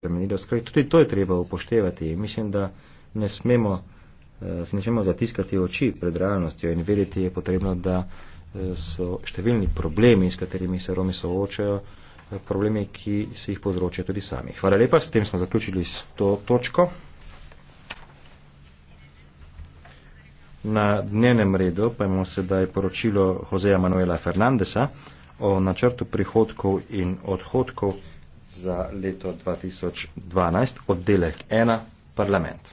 spremenilo. Skrati, tudi to je treba upoštevati. Mislim, da ne smemo, eh, se ne smemo zatiskati oči pred realnostjo in vedeti je potrebno, da eh, so številni problemi, s katerimi se Romi soočajo, eh, problemi, ki se jih povzročajo tudi sami. Hvala lepa, s tem smo zaključili s to točko. Na dnevnem redu pa imamo sedaj poročilo Joseja Manuela Fernandesa o načrtu prihodkov in odhodkov za leto 2012, oddelek 1, parlament.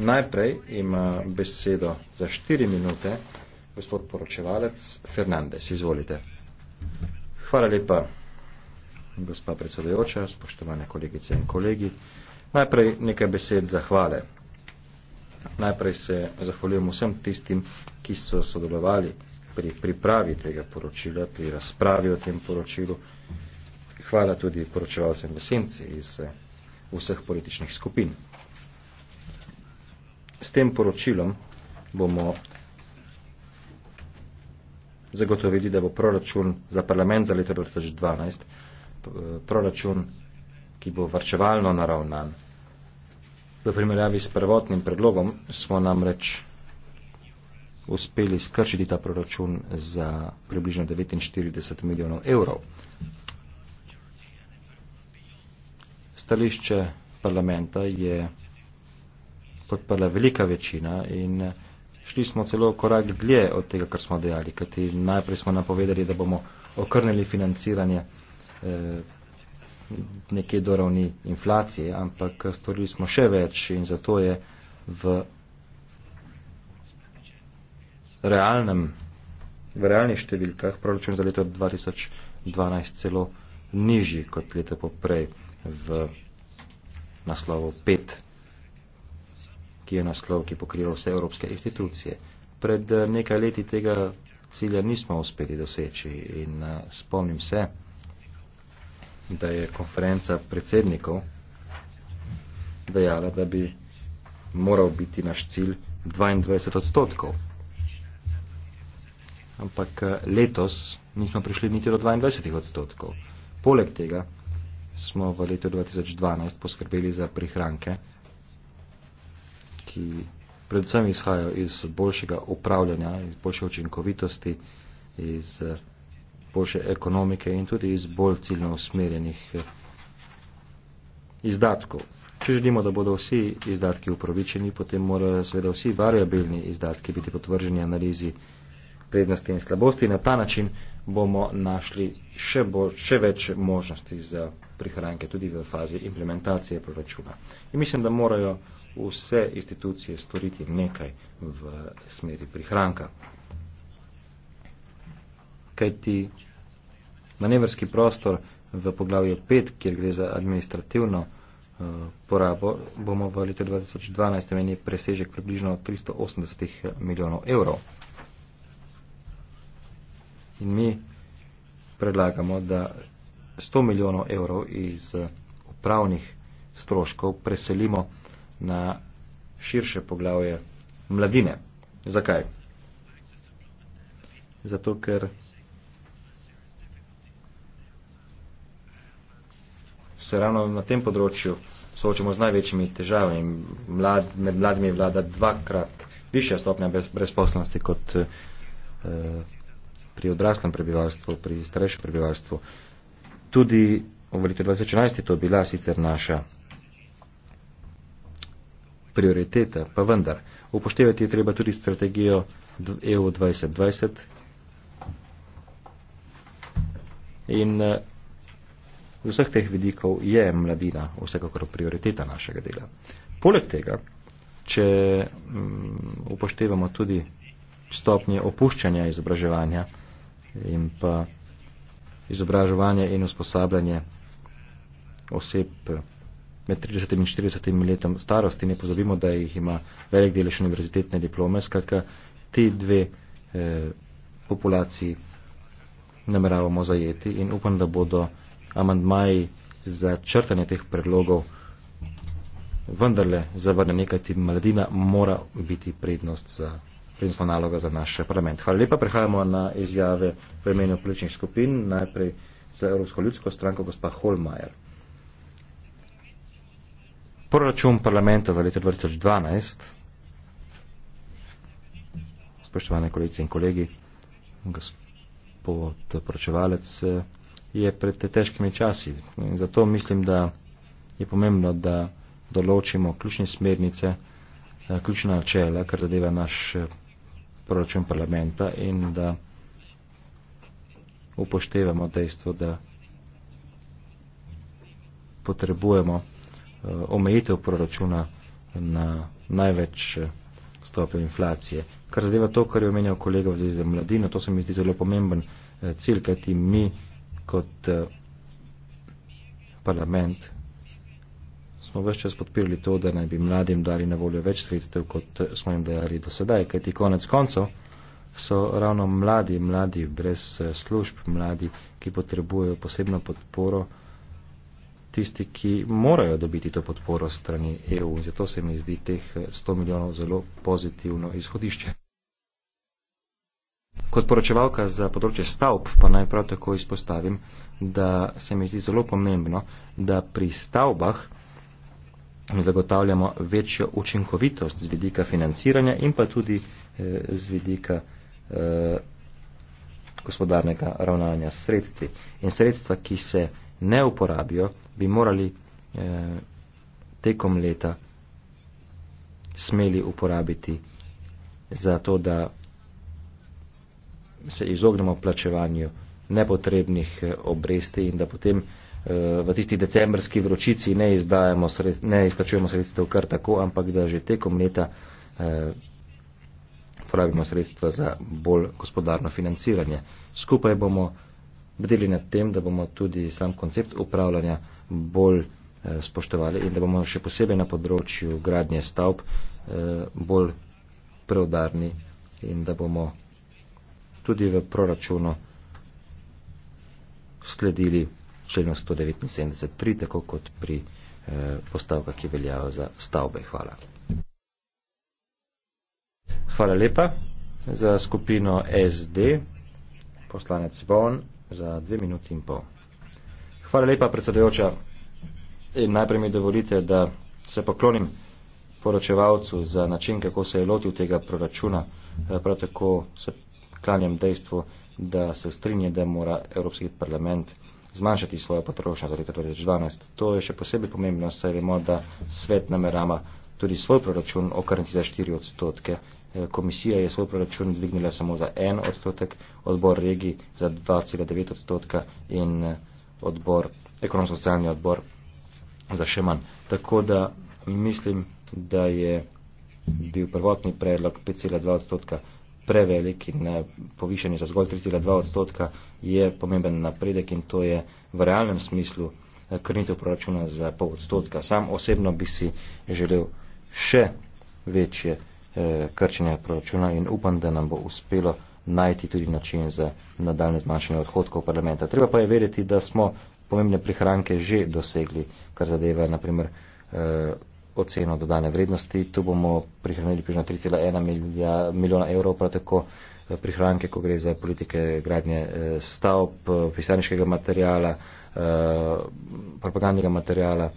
Najprej ima besedo za 4 minute gospod poročevalec Fernandez. Izvolite. Hvala lepa, gospa predsedujoča, spoštovane kolegice in kolegi. Najprej nekaj besed zahvale. Najprej se zahvaljujem vsem tistim, ki so sodelovali pri pripravi tega poročila, pri razpravi o tem poročilu. Hvala tudi poročevalcem besenci iz eh, vseh političnih skupin. S tem poročilom bomo zagotovili, da bo proračun za parlament za leto 2012 eh, proračun, ki bo varčevalno naravnan. V primerjavi s prvotnim predlogom smo namreč reč uspeli skršiti ta proračun za približno 49 milijonov evrov. Stališče parlamenta je podprla velika večina in šli smo celo korak dlje od tega, kar smo dejali, kajti najprej smo napovedali, da bomo okrnili financiranje eh, nekje do ravni inflacije, ampak storili smo še več in zato je v realnem, v realnih številkah proračun za leto 2012 celo nižji kot leto poprej v naslovu 5, ki je naslov, ki pokriva vse evropske institucije. Pred eh, nekaj leti tega cilja nismo uspeli doseči in eh, spomnim se, da je konferenca predsednikov dejala, da bi moral biti naš cilj 22 odstotkov ampak eh, letos nismo prišli niti do 22 odstotkov. Poleg tega smo v letu 2012 poskrbeli za prihranke, ki predvsem izhajajo iz boljšega upravljanja, iz boljše učinkovitosti, iz eh, boljše ekonomike in tudi iz bolj ciljno usmerjenih eh, izdatkov. Če želimo, da bodo vsi izdatki upravičeni, potem morajo seveda vsi variabilni izdatki biti potvrženi analizi prednosti in slabosti. Na ta način bomo našli še, bo, še več možnosti za prihranke tudi v fazi implementacije proračuna. In mislim, da morajo vse institucije storiti nekaj v smeri prihranka. Kaj ti manevrski prostor v poglavju 5, kjer gre za administrativno eh, porabo, bomo v letu 2012 imeli presežek približno 380 eh, milijonov evrov. In mi predlagamo, da 100 milijonov evrov iz eh, upravnih stroškov preselimo na širše poglavje mladine. Zakaj? Zato, ker se ravno na tem področju soočamo z največjimi težavami. Mlad, med mladimi vlada dvakrat višja stopnja brezposlenosti kot eh, pri odraslem prebivalstvu, pri starejšem prebivalstvu. Tudi v letu 2011 je to bila sicer naša prioriteta, pa vendar upoštevati je treba tudi strategijo EU 2020 in eh, z vseh teh vidikov je mladina vsekakor prioriteta našega dela. Poleg tega, če mm, upoštevamo tudi stopnje opuščanja izobraževanja in pa izobraževanje in usposabljanje oseb med 30 in 40 letom starosti. Ne pozabimo, da jih ima velik delež univerzitetne diplome. Skratka, ti dve eh, populaciji nameravamo zajeti in upam, da bodo amandmaji za črtanje teh predlogov vendarle zavrne nekaj, ti mladina mora biti prednost za prednostna naloga za naš parlament. Hvala lepa. Prehajamo na izjave v imenu političnih skupin. Najprej za Evropsko ljudsko stranko gospa Holmajer. Proračun parlamenta za leto 2012, spoštovane kolegice in kolegi, gospod poročevalec, je pred težkimi časi. In zato mislim, da je pomembno, da določimo ključne smernice, ključna načela, kar zadeva naš proračun parlamenta in da upoštevamo dejstvo, da potrebujemo eh, omejitev proračuna na največ eh, stopnjo inflacije. Kar zadeva to, kar je omenjal kolega vzeti za mladino, to se mi zdi zelo pomemben eh, cilj, kajti mi kot parlament smo vse čas podpirali to, da naj bi mladim dali na voljo več sredstev, kot smo jim dali do sedaj, kajti konec koncev so ravno mladi, mladi brez eh, služb, mladi, ki potrebujejo posebno podporo, tisti, ki morajo dobiti to podporo strani EU. Zato se mi zdi teh 100 eh, milijonov zelo pozitivno izhodišče. Kot poročevalka za področje stavb pa naj prav tako izpostavim, da se mi zdi zelo pomembno, da pri stavbah zagotavljamo večjo učinkovitost z vidika financiranja in pa tudi eh, z vidika eh, gospodarnega ravnanja s sredstvi. In sredstva, ki se ne uporabijo, bi morali eh, tekom leta smeli uporabiti za to, da se izognemo plačevanju nepotrebnih obresti in da potem v tisti decembrski vročici ne, sred, ne izplačujemo sredstev kar tako, ampak da že tekom leta eh, porabimo sredstva za bolj gospodarno financiranje. Skupaj bomo bdeli nad tem, da bomo tudi sam koncept upravljanja bolj eh, spoštovali in da bomo še posebej na področju gradnje stavb eh, bolj preudarni in da bomo tudi v proračunu sledili členu 179.3, tako kot pri eh, postavkah, ki veljajo za stavbe. Hvala. Hvala lepa za skupino SD, poslanec Von, za dve minuti in pol. Hvala lepa, predsedojoča. In najprej mi dovolite, da se poklonim poročevalcu za način, kako se je lotil tega proračuna. Eh, prav tako se klanjam dejstvu, da se strinje, da mora Evropski parlament zmanjšati svojo potrošnjo za leto 2012. To je še posebej pomembno, saj vemo, da svet namerava tudi svoj proračun okrniti za 4 odstotke. Eh, komisija je svoj proračun dvignila samo za en odstotek, odbor regij za 2,9 odstotka in eh, odbor, ekonomsko-socialni odbor za še manj. Tako da mislim, da je bil prvotni predlog 5,2 odstotka prevelik in ne, eh, povišen je za zgolj 3,2 odstotka, je pomemben napredek in to je v realnem smislu eh, krnitev proračuna za pol odstotka. Sam osebno bi si želel še večje eh, krčenje proračuna in upam, da nam bo uspelo najti tudi način za nadaljne zmanjšanje odhodkov parlamenta. Treba pa je vedeti, da smo pomembne prihranke že dosegli, kar zadeva naprimer eh, oceno dodane vrednosti. Tu bomo prihranili približno 3,1 milijona evrov, prav tako eh, prihranke, ko gre za politike gradnje eh, stavb, eh, pisarniškega materijala, propagandnega materijala.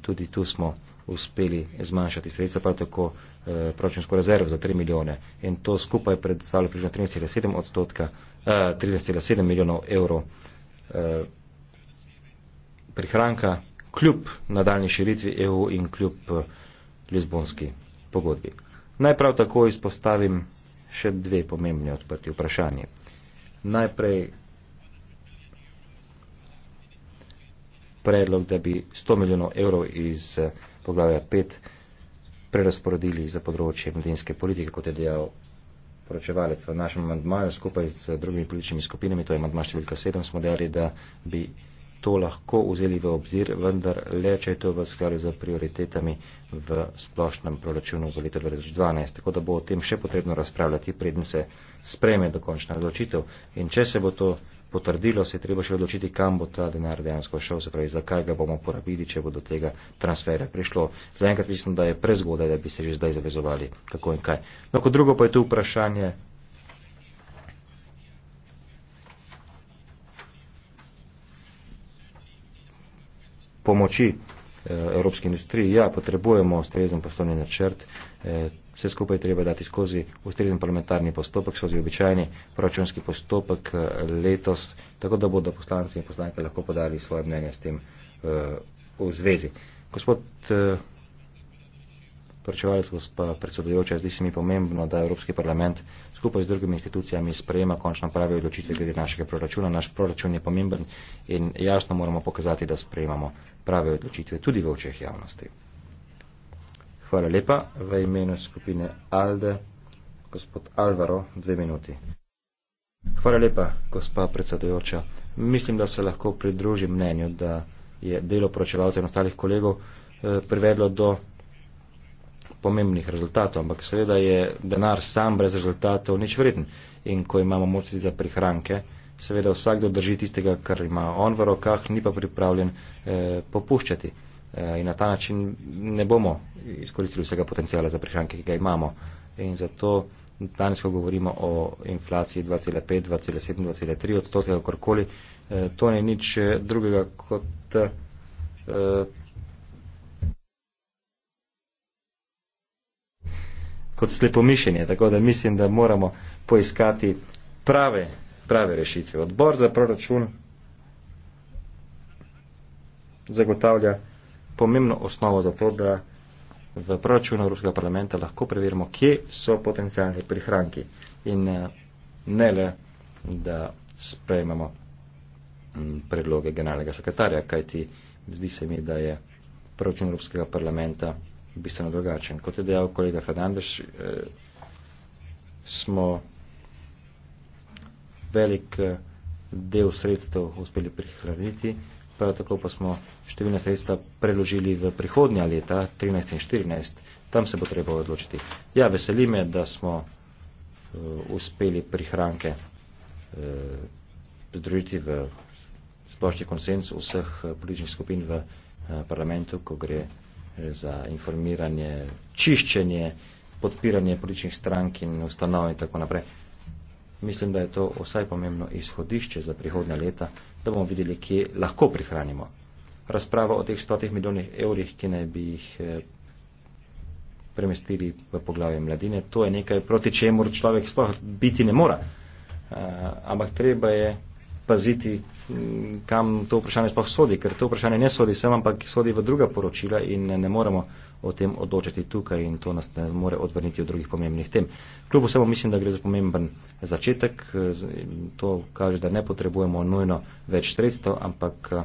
Tudi tu smo uspeli zmanjšati sredstva, prav tako proračunsko rezervo za 3 milijone. In to skupaj predstavlja približno 13,7 odstotka, 13,7 milijonov evrov prihranka kljub nadaljni širitvi EU in kljub eh, Lizbonski pogodbi. Naj prav tako izpostavim še dve pomembni odprti vprašanje. Najprej predlog, da bi 100 milijonov evrov iz eh, poglavja 5 prerasporedili za področje mladinske politike, kot je dejal poročevalec v našem mandmaju skupaj z drugimi političnimi skupinami, to je mandma številka 7, smo dejali, da bi to lahko vzeli v obzir, vendar le, če je to v skladu z prioritetami v splošnem proračunu za leto 2012. Tako da bo o tem še potrebno razpravljati, preden se sprejme dokončna odločitev. In če se bo to potrdilo, se je treba še odločiti, kam bo ta denar dejansko šel, se pravi, zakaj ga bomo porabili, če bo do tega transfera prišlo. Zaenkrat mislim, da je prezgodaj, da bi se že zdaj zavezovali, kako in kaj. No, kot drugo pa je tu vprašanje pomoči eh, evropski industriji. Ja, potrebujemo ustrezen poslovni načrt, eh, vse skupaj treba dati skozi ustrezen parlamentarni postopek, skozi običajni proračunski postopek eh, letos, tako da bodo poslanci in poslanke lahko podali svoje mnenje s tem v zvezi. Gospod poročevalec, gospa predsedujoča, zdi se mi pomembno, da Evropski parlament skupaj z drugimi institucijami sprejema končno prave odločitve glede našega proračuna. Naš proračun je pomemben in jasno moramo pokazati, da sprejemamo prave odločitve tudi v očeh javnosti. Hvala lepa. V imenu skupine Alde, gospod Alvaro, dve minuti. Hvala lepa, gospa predsedujoča. Mislim, da se lahko pridružim mnenju, da je delo poročevalcev in ostalih kolegov eh, privedlo do pomembnih rezultatov, ampak seveda je denar sam brez rezultatov nič vreden. In ko imamo možnosti za prihranke, seveda vsakdo drži tistega, kar ima on v rokah, ni pa pripravljen eh, popuščati. Eh, in na ta način ne bomo izkoristili vsega potencijala za prihranke, ki ga imamo. In zato danes, ko govorimo o inflaciji 2,5, 2,7, 2,3 odstotka, kakorkoli, eh, to ni nič eh, drugega kot. Eh, kot slepomišljenje. Tako da mislim, da moramo poiskati prave, prave rešitve. Odbor za proračun zagotavlja pomembno osnovo za to, da v proračunu Evropskega parlamenta lahko preverimo, kje so potencijalni prihranki in eh, ne le, da sprejmemo predloge generalnega sekretarja, kajti zdi se mi, da je proračun Evropskega parlamenta bistveno drugačen. Kot je dejal kolega Fernandes, eh, smo velik eh, del sredstev uspeli prihraniti, prav tako pa smo številne sredstva preložili v prihodnja leta, 13 in 14, tam se bo treba odločiti. Ja, veseli me, da smo eh, uspeli prihranke eh, združiti v splošni konsens vseh eh, političnih skupin v eh, parlamentu, ko gre za informiranje, čiščenje, podpiranje političnih strank in ustanov in tako naprej. Mislim, da je to vsaj pomembno izhodišče za prihodnja leta, da bomo videli, kje lahko prihranimo. Razprava o teh 100 milijonih evrih, ki naj bi jih eh, premestili v poglavje mladine, to je nekaj, proti čemu človek sploh biti ne mora. Eh, ampak treba je paziti, mm, kam to vprašanje sploh sodi, ker to vprašanje ne sodi sem, ampak sodi v druga poročila in ne, ne moremo o tem odločiti tukaj in to nas ne more odvrniti od drugih pomembnih tem. Kljub vsemu mislim, da gre za pomemben začetek. Eh, to kaže, da ne potrebujemo nujno več sredstev, ampak eh,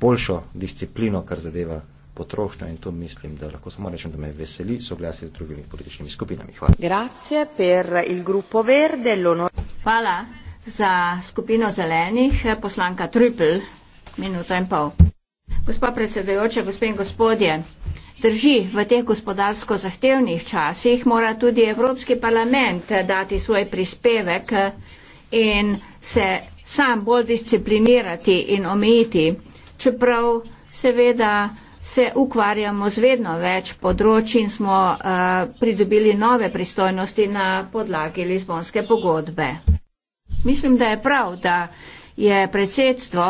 boljšo disciplino, kar zadeva potrošnjo in to mislim, da lahko samo rečem, da me veseli soglasje z drugimi političnimi skupinami. Hvala. Grazie per il gruppo verde. Hvala. Za skupino zelenih eh, poslanka Trupel, minuto in pol. Gospa predsedujoča, gospe in gospodje, drži, v teh gospodarsko zahtevnih časih mora tudi Evropski parlament eh, dati svoj prispevek eh, in se sam bolj disciplinirati in omejiti, čeprav seveda se ukvarjamo z vedno več področji in smo uh, pridobili nove pristojnosti na podlagi Lizbonske pogodbe. Mislim, da je prav, da je predsedstvo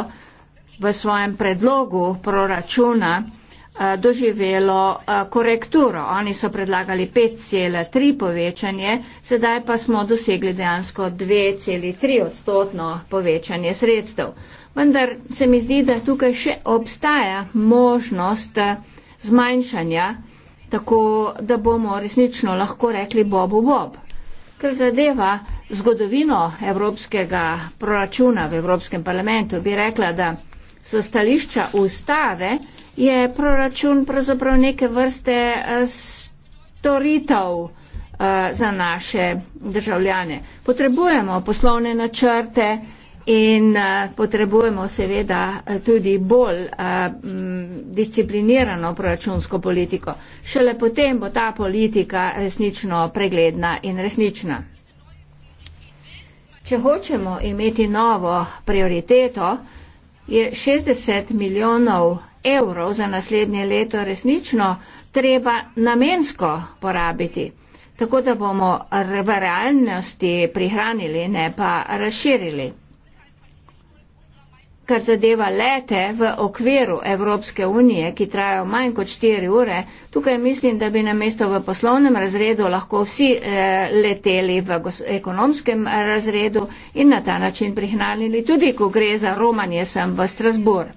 v svojem predlogu proračuna eh, doživelo eh, korekturo. Oni so predlagali 5,3 povečanje, sedaj pa smo dosegli dejansko 2,3 odstotno povečanje sredstev. Vendar se mi zdi, da tukaj še obstaja možnost eh, zmanjšanja, tako da bomo resnično lahko rekli bobu bob. Kar zadeva zgodovino evropskega proračuna v Evropskem parlamentu, bi rekla, da so stališča ustave, je proračun pravzaprav neke vrste eh, storitev eh, za naše državljane. Potrebujemo poslovne načrte, In uh, potrebujemo seveda eh, tudi bolj uh, disciplinirano proračunsko politiko. Šele potem bo ta politika resnično pregledna in resnična. Če hočemo imeti novo prioriteto, je 60 milijonov evrov za naslednje leto resnično treba namensko porabiti, tako da bomo v realnosti prihranili, ne pa razširili kar zadeva lete v okviru Evropske unije, ki trajajo manj kot 4 ure, tukaj mislim, da bi na mesto v poslovnem razredu lahko vsi eh, leteli v ekonomskem razredu in na ta način prihnalili, tudi ko gre za romanje sem v Strasbourg.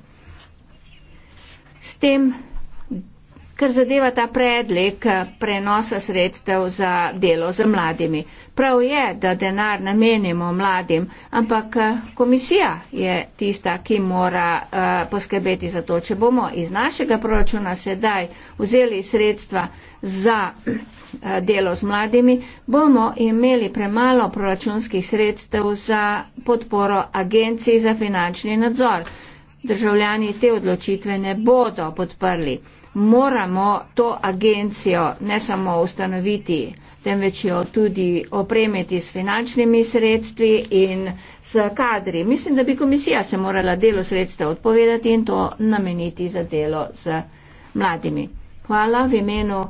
S tem kar zadeva ta predlik eh, prenosa sredstev za delo z mladimi. Prav je, da denar namenimo mladim, ampak eh, komisija je tista, ki mora uh, poskrbeti za to. Če bomo iz našega proračuna sedaj vzeli sredstva za delo z mladimi, bomo imeli premalo proračunskih sredstev za podporo agenciji za finančni nadzor. Državljani te odločitve ne bodo podprli moramo to agencijo ne samo ustanoviti, temveč jo tudi opremiti s finančnimi sredstvi in s kadri. Mislim, da bi komisija se morala delo sredstev odpovedati in to nameniti za delo z mladimi. Hvala v imenu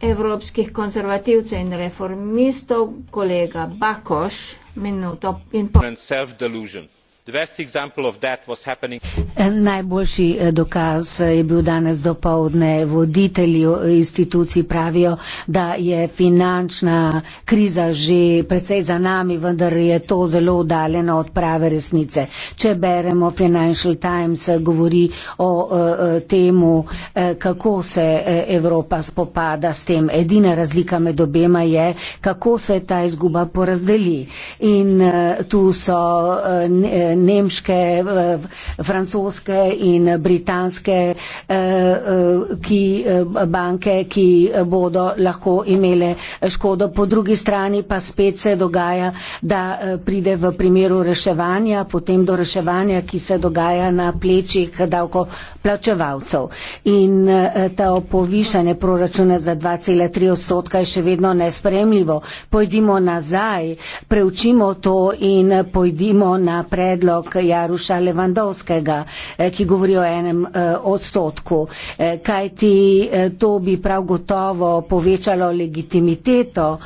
evropskih konzervativcev in reformistov, kolega Bakoš, minuto in pol. Najboljši eh, dokaz eh, je bil danes dopoledne. Voditelji institucij pravijo, da je finančna kriza že precej za nami, vendar je to zelo udaljeno od prave resnice. Če beremo Financial Times, eh, govori o temu, kako se Evropa spopada s tem. Edina razlika med obema je, kako se ta izguba porazdeli. In tu so nemške, eh, francoske in britanske eh, eh, ki, banke, ki bodo lahko imele škodo. Po drugi strani pa spet se dogaja, da pride v primeru reševanja, potem do reševanja, ki se dogaja na plečih davkoplačevalcev. In ta povišanje proračuna za 2,3 odstotka je še vedno nespremljivo. Pojdimo nazaj, preučimo to in pojdimo na predlog predlog Jaruša Levandovskega, eh, ki govori o enem eh, odstotku, eh, kajti to bi prav gotovo povečalo legitimiteto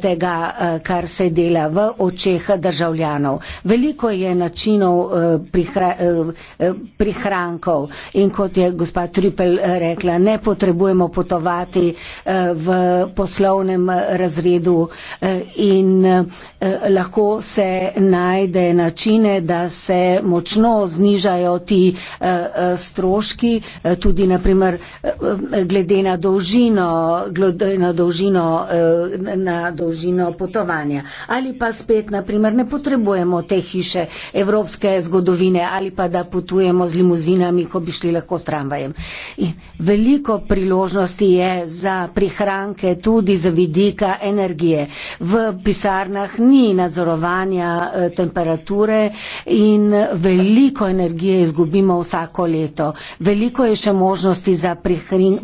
tega, kar se dela v očeh državljanov. Veliko je načinov prihrankov in kot je gospa Trippel rekla, ne potrebujemo potovati v poslovnem razredu in lahko se najde načine, da se močno znižajo ti eh, eh, stroški, eh, tudi naprimer glede na dolžino, glede na dolžino, na dolžino potovanja. Ali pa spet, naprimer, ne potrebujemo te hiše evropske zgodovine ali pa da potujemo z limuzinami, ko bi šli lahko s tramvajem. In veliko priložnosti je za prihranke tudi za vidika energije. V pisarnah ni nadzorovanja temperature in veliko energije izgubimo vsako leto. Veliko je še možnosti za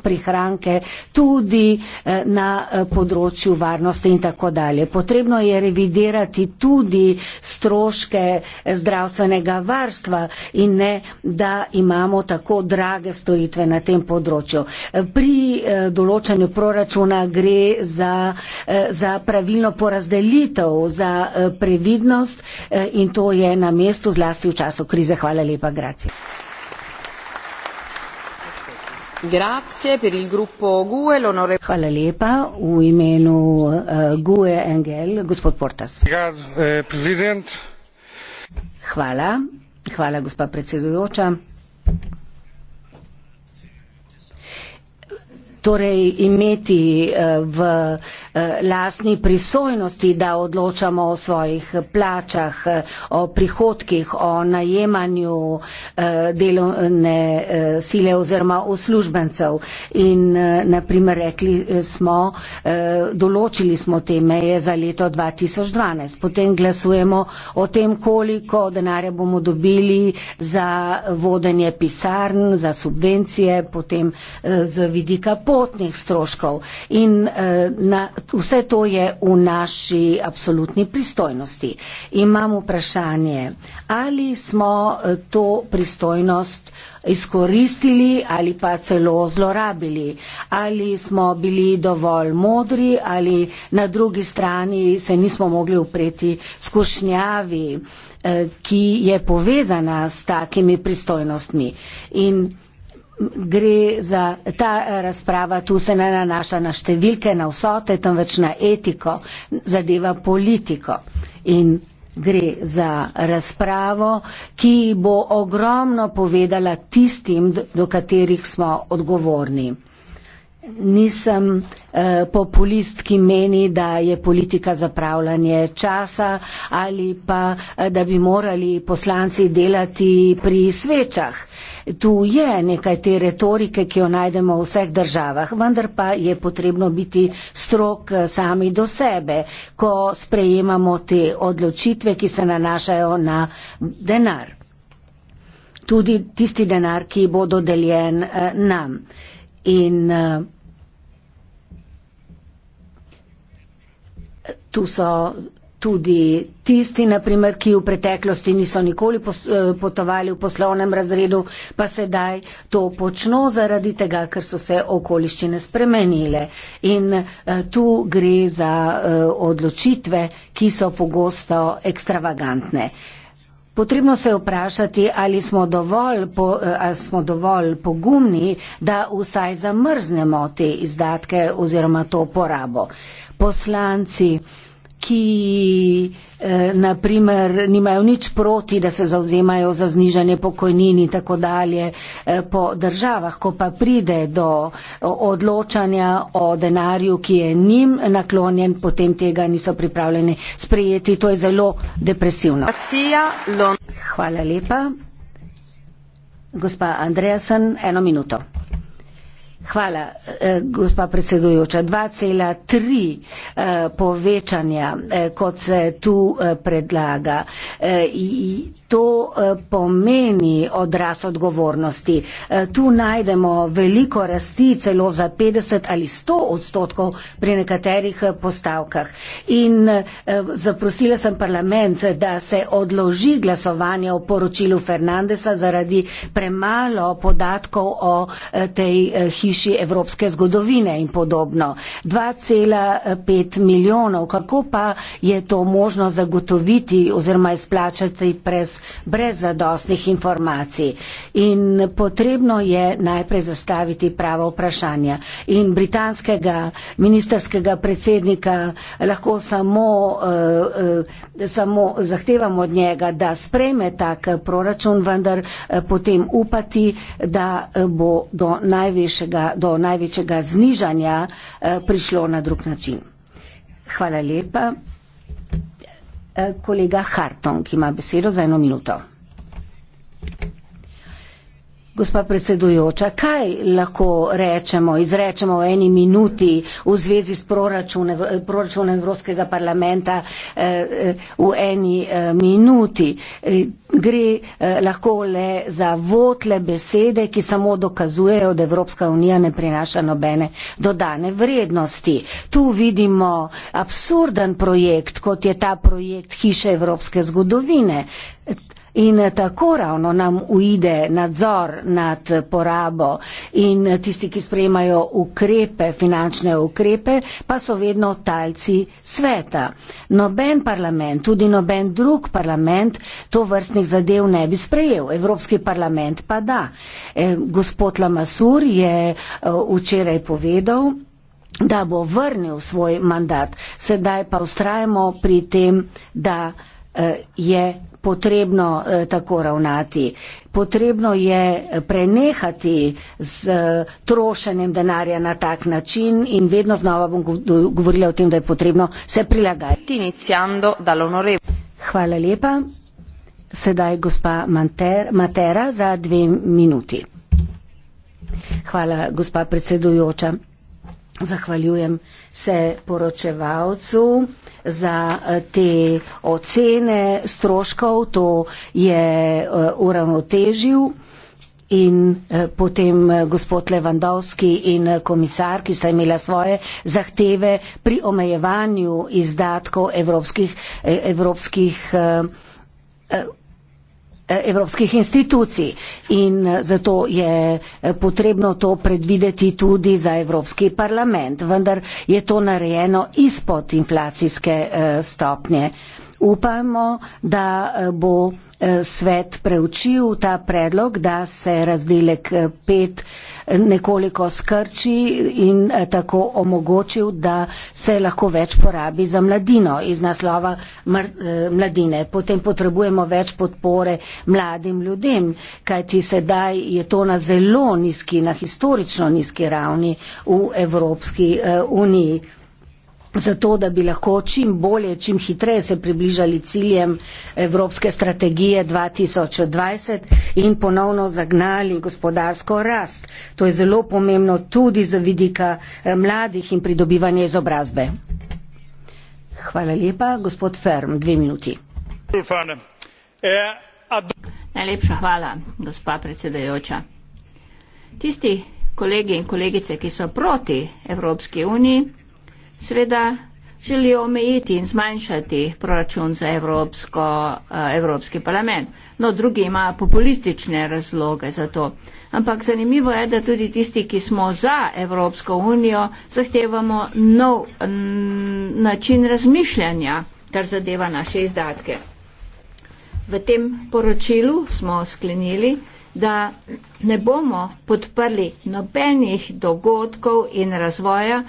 prihranke tudi eh, na eh, področju varnosti in tako dalje. Potrebno je revidirati tudi stroške eh, zdravstvenega varstva in ne, da imamo tako drage storitve na tem področju. Pri določanju proračuna gre za, za pravilno porazdelitev, za previdnost in to je na mestu gospodarstvu, zlasti v času krize. Hvala lepa, Gracija. Grazie per il gruppo GUE, l'onorevole. Hvala lepa v imenu uh, GUE NGL, gospod Portas. Ja, eh, hvala, hvala, gospa predsedujoča. Torej, imeti uh, v uh, lastni prisojnosti, da odločamo o svojih plačah, eh, o prihodkih, o najemanju eh, delovne eh, sile oziroma uslužbencev. In naprimer rekli smo, določili smo te meje za leto 2012. Potem glasujemo o tem, koliko denarja bomo dobili za vodenje pisarn, za subvencije, potem z vidika potnih stroškov. In na vse to je v naši apsolutni pristojnosti. Imam vprašanje, ali smo eh, to pristojnost izkoristili ali pa celo zlorabili, ali smo bili dovolj modri ali na drugi strani se nismo mogli upreti skušnjavi, eh, ki je povezana s takimi pristojnostmi. In gre za ta eh, razprava, tu se ne nanaša na številke, na vsote, temveč na etiko, zadeva politiko. In gre za razpravo, ki bo ogromno povedala tistim, do katerih smo odgovorni. Nisem eh, populist, ki meni, da je politika zapravljanje časa ali pa, eh, da bi morali poslanci delati pri svečah. Eh, Tu je nekaj te retorike, ki jo najdemo v vseh državah, vendar pa je potrebno biti strok eh, sami do sebe, ko sprejemamo te odločitve, ki se nanašajo na denar. Tudi tisti denar, ki bo dodeljen eh, nam. In eh, tu so tudi tisti, naprimer, ki v preteklosti niso nikoli eh, potovali v poslovnem razredu, pa sedaj to počno zaradi tega, ker so se okoliščine spremenile. In eh, tu gre za eh, odločitve, ki so pogosto ekstravagantne. Potrebno se je vprašati, ali smo dovolj, po, ali smo dovolj pogumni, da vsaj zamrznemo te izdatke oziroma to porabo. Poslanci, ki eh, naprimer nimajo nič proti, da se zauzemajo za znižanje pokojnin in tako dalje eh, po državah, ko pa pride do odločanja o denarju, ki je njim naklonjen, potem tega niso pripravljeni sprejeti. To je zelo depresivno. Hvala lepa. Gospa Andreasen, eno minuto. Hvala, eh, gospa predsedujoča. 2,3 eh, povečanja, eh, kot se tu predlaga. To pomeni odraz odgovornosti. Tu najdemo veliko rasti, celo za 50 ali 100 odstotkov pri nekaterih postavkah. In zaprosila sem parlament, da se odloži glasovanje o poročilu Fernandesa zaradi premalo podatkov o tej hiši najvišji evropske zgodovine in podobno. 2,5 milijonov, kako pa je to možno zagotoviti oziroma izplačati prez, brez zadostnih informacij? In potrebno je najprej zastaviti pravo vprašanje. In britanskega ministerskega predsednika lahko samo, eh, eh, samo zahtevamo od njega, da spreme tak eh, proračun, vendar potem upati, da bo do najvišjega do največjega znižanja eh, prišlo na drug način. Hvala lepa. Eh, kolega Harton, ki ima besedo za eno minuto. Gospa predsedujoča, kaj lahko rečemo, izrečemo v eni minuti v zvezi s proračunom Evropskega parlamenta eh, eh, v eni eh, minuti? Gre lahko le za votle besede, ki samo dokazujejo, da Evropska unija ne prinaša nobene dodane vrednosti. Tu vidimo absurden projekt, kot je ta projekt hiše Evropske zgodovine. In tako ravno nam uide nadzor nad porabo in tisti, ki sprejemajo ukrepe, finančne ukrepe, pa so vedno talci sveta. Noben parlament, tudi noben drug parlament to vrstnih zadev ne bi sprejel, Evropski parlament pa da. E, gospod Lamasur je e, včeraj povedal, da bo vrnil svoj mandat, sedaj pa ustrajamo pri tem, da Eh, je potrebno eh, tako ravnati. Potrebno je prenehati z eh, trošenjem denarja na tak način in vedno znova bom govorila o tem, da je potrebno se prilagajati. Hvala lepa. Sedaj gospa Matera za dve minuti. Hvala gospa predsedujoča. Zahvaljujem se poročevalcu za eh, te ocene stroškov, to je eh, uravnotežil. In eh, potem gospod Levandovski in komisar, ki sta imela svoje zahteve pri omejevanju izdatkov evropskih, evropskih Eh, evropskih institucij in eh, zato je eh, potrebno to predvideti tudi za Evropski parlament, vendar je to narejeno izpod inflacijske stopnje. Upamo, da bo svet preučil ta predlog, da se razdelek 5 nekoliko skrči in eh, tako omogočil, da se lahko več porabi za mladino iz naslova eh, mladine. Potem potrebujemo več podpore mladim ljudem, kajti sedaj je to na zelo nizki, na historično nizki ravni v Evropski eh, uniji zato, da bi lahko čim bolje, čim hitreje se približali ciljem Evropske strategije 2020 in ponovno zagnali gospodarsko rast. To je zelo pomembno tudi za vidika eh, mladih in pridobivanje izobrazbe. Hvala lepa, gospod Ferm, dve minuti. Najlepša hvala, gospa predsedajoča. Tisti kolegi in kolegice, ki so proti Evropski uniji, seveda želijo omejiti in zmanjšati proračun za Evropsko, eh, Evropski parlament. No, drugi ima populistične razloge za to. Ampak zanimivo je, da tudi tisti, ki smo za Evropsko unijo, zahtevamo nov način razmišljanja, kar zadeva naše izdatke. V tem poročilu smo sklenili, da ne bomo podprli nobenih dogodkov in razvoja,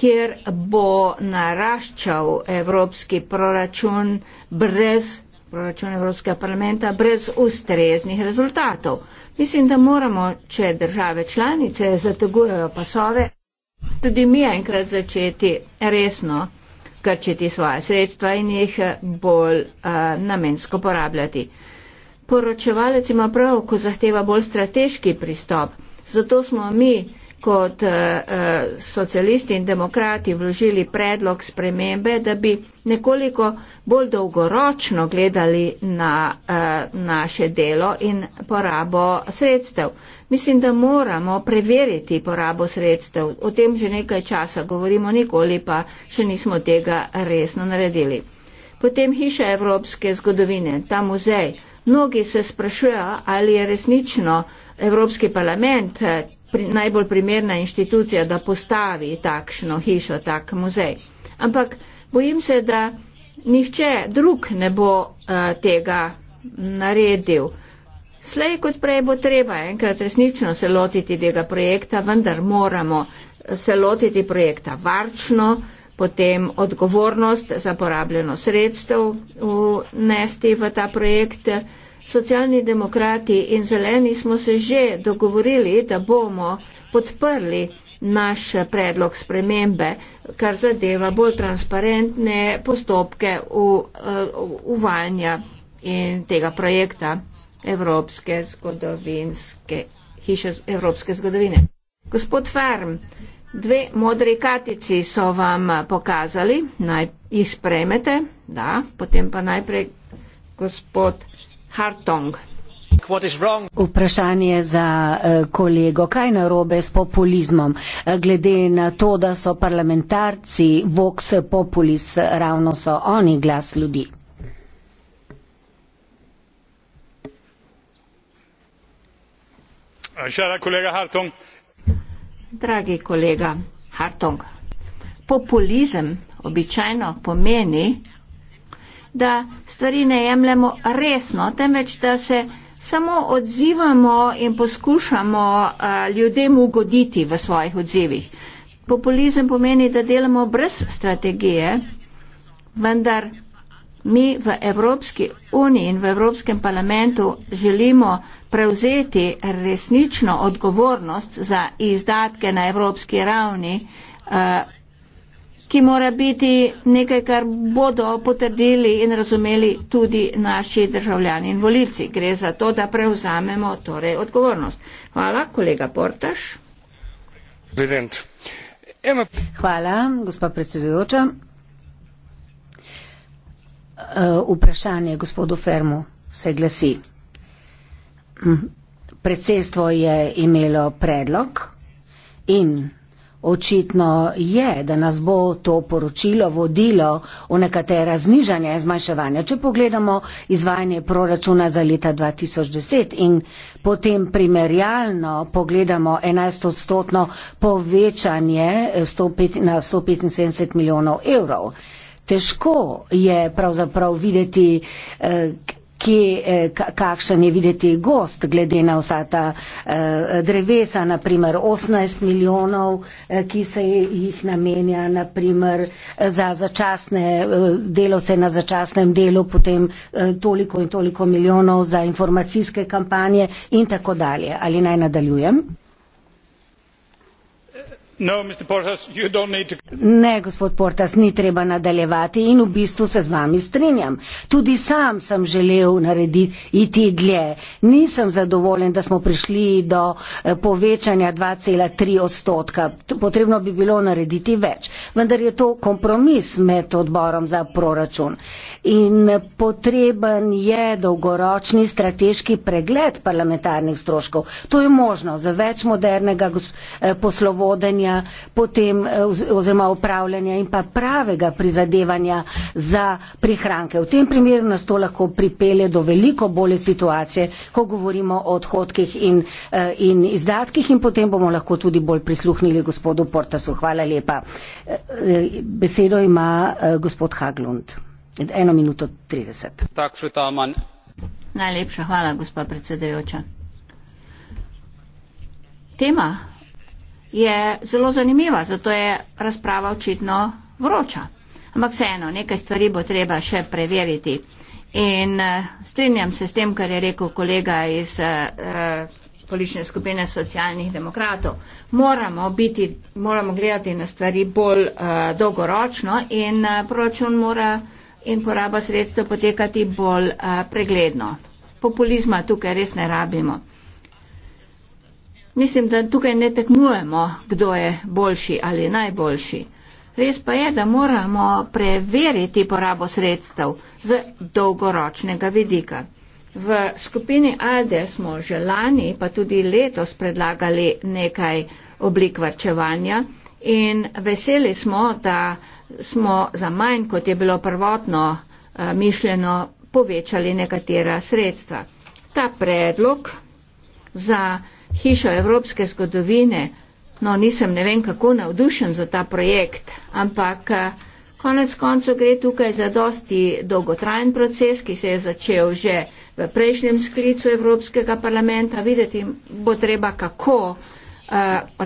kjer bo naraščal evropski proračun brez proračun Evropskega parlamenta brez ustreznih rezultatov. Mislim, da moramo, če države članice zategujejo pasove, tudi mi enkrat začeti resno krčiti svoje sredstva in jih bolj uh, namensko porabljati. Poročevalec ima prav, ko zahteva bolj strateški pristop. Zato smo mi kot uh, uh, socialisti in demokrati vložili predlog spremembe, da bi nekoliko bolj dolgoročno gledali na uh, naše delo in porabo sredstev. Mislim, da moramo preveriti porabo sredstev. O tem že nekaj časa govorimo, nikoli pa še nismo tega resno naredili. Potem hiša evropske zgodovine, ta muzej. Mnogi se sprašujejo, ali je resnično Evropski parlament pri, najbolj primerna inštitucija, da postavi takšno hišo, tak muzej. Ampak bojim se, da nihče drug ne bo uh, tega naredil. Slej kot prej bo treba enkrat resnično se lotiti tega projekta, vendar moramo eh, se lotiti projekta varčno, potem odgovornost za porabljeno sredstev vnesti v ta projekt. Uh, socialni demokrati in zeleni smo se že dogovorili, da bomo podprli naš predlog spremembe, kar zadeva bolj transparentne postopke eh, uvanja in tega projekta Evropske zgodovinske hiše Evropske zgodovine. Gospod Farm, dve modri katici so vam pokazali, naj jih spremete, da, potem pa najprej gospod Hartong. Vprašanje za eh, kolego, kaj narobe s populizmom, eh, glede na to, da so parlamentarci vox populis, ravno so oni glas ljudi. Eh, Dragi kolega Hartong, populizem običajno pomeni da stvari ne jemljemo resno, temveč da se samo odzivamo in poskušamo uh, ljudem ugoditi v svojih odzivih. Populizem pomeni, da delamo brez strategije, vendar mi v Evropski uniji in v Evropskem parlamentu želimo prevzeti resnično odgovornost za izdatke na evropski ravni. Uh, ki mora biti nekaj, kar bodo potrdili in razumeli tudi naši državljani in volivci. Gre za to, da prevzamemo torej odgovornost. Hvala, kolega Portaš. Hvala, gospa predsedujoča. Eh, vprašanje gospodu Fermu se glasi. Hm, predsedstvo je imelo predlog in Očitno je, da nas bo to poročilo vodilo v nekatera znižanja in zmanjševanja. Če pogledamo izvajanje proračuna za leta 2010 in potem primerjalno pogledamo 11 odstotno povečanje eh, na 175 milijonov evrov, težko je pravzaprav videti, eh, Kje, eh, kakšen je videti gost, glede na vsa ta eh, drevesa, naprimer 18 milijonov, eh, ki se jih namenja naprimer, za začasne delovce na začasnem delu, potem toliko in toliko milijonov za informacijske kampanje in tako dalje. Ali naj nadaljujem? No, ne, gospod Portas, ni treba nadaljevati in v bistvu se z vami strinjam. Tudi sam sem želel narediti iti dlje. Nisem zadovoljen, da smo prišli do eh, povečanja 2,3 odstotka. Potrebno bi bilo narediti več. Vendar je to kompromis med odborom za proračun. In potreben je dolgoročni strateški pregled parlamentarnih stroškov. To je možno za več modernega eh, poslovodenja prizadevanja potem, eh, oziroma upravljanja in pa pravega prizadevanja za prihranke. V tem primeru nas to lahko pripelje do veliko bolje situacije, ko govorimo o odhodkih in, eh, in izdatkih in potem bomo lahko tudi bolj prisluhnili gospodu Portasu. Hvala lepa. Eh, besedo ima gospod Haglund. Eno minuto 30. Takšne ta manj. Najlepša hvala, gospod predsedajoča. Tema je zelo zanimiva, zato je razprava očitno vroča. Ampak vseeno, nekaj stvari bo treba še preveriti. In uh, strinjam se s tem, kar je rekel kolega iz uh, politične skupine socialnih demokratov. Moramo, biti, moramo gledati na stvari bolj uh, dolgoročno in uh, proračun mora in poraba sredstev potekati bolj uh, pregledno. Populizma tukaj res ne rabimo. Mislim, da tukaj ne tekmujemo, kdo je boljši ali najboljši. Res pa je, da moramo preveriti porabo sredstev z dolgoročnega vidika. V skupini ALDE smo že lani, pa tudi letos predlagali nekaj oblik varčevanja in veseli smo, da smo za manj, kot je bilo prvotno eh, mišljeno, povečali nekatera sredstva. Ta predlog za hišo evropske zgodovine. No, nisem ne vem, kako navdušen za ta projekt, ampak eh, konec koncev gre tukaj za dosti dolgotrajen proces, ki se je začel že v prejšnjem sklicu Evropskega parlamenta. Videti bo treba, kako uh,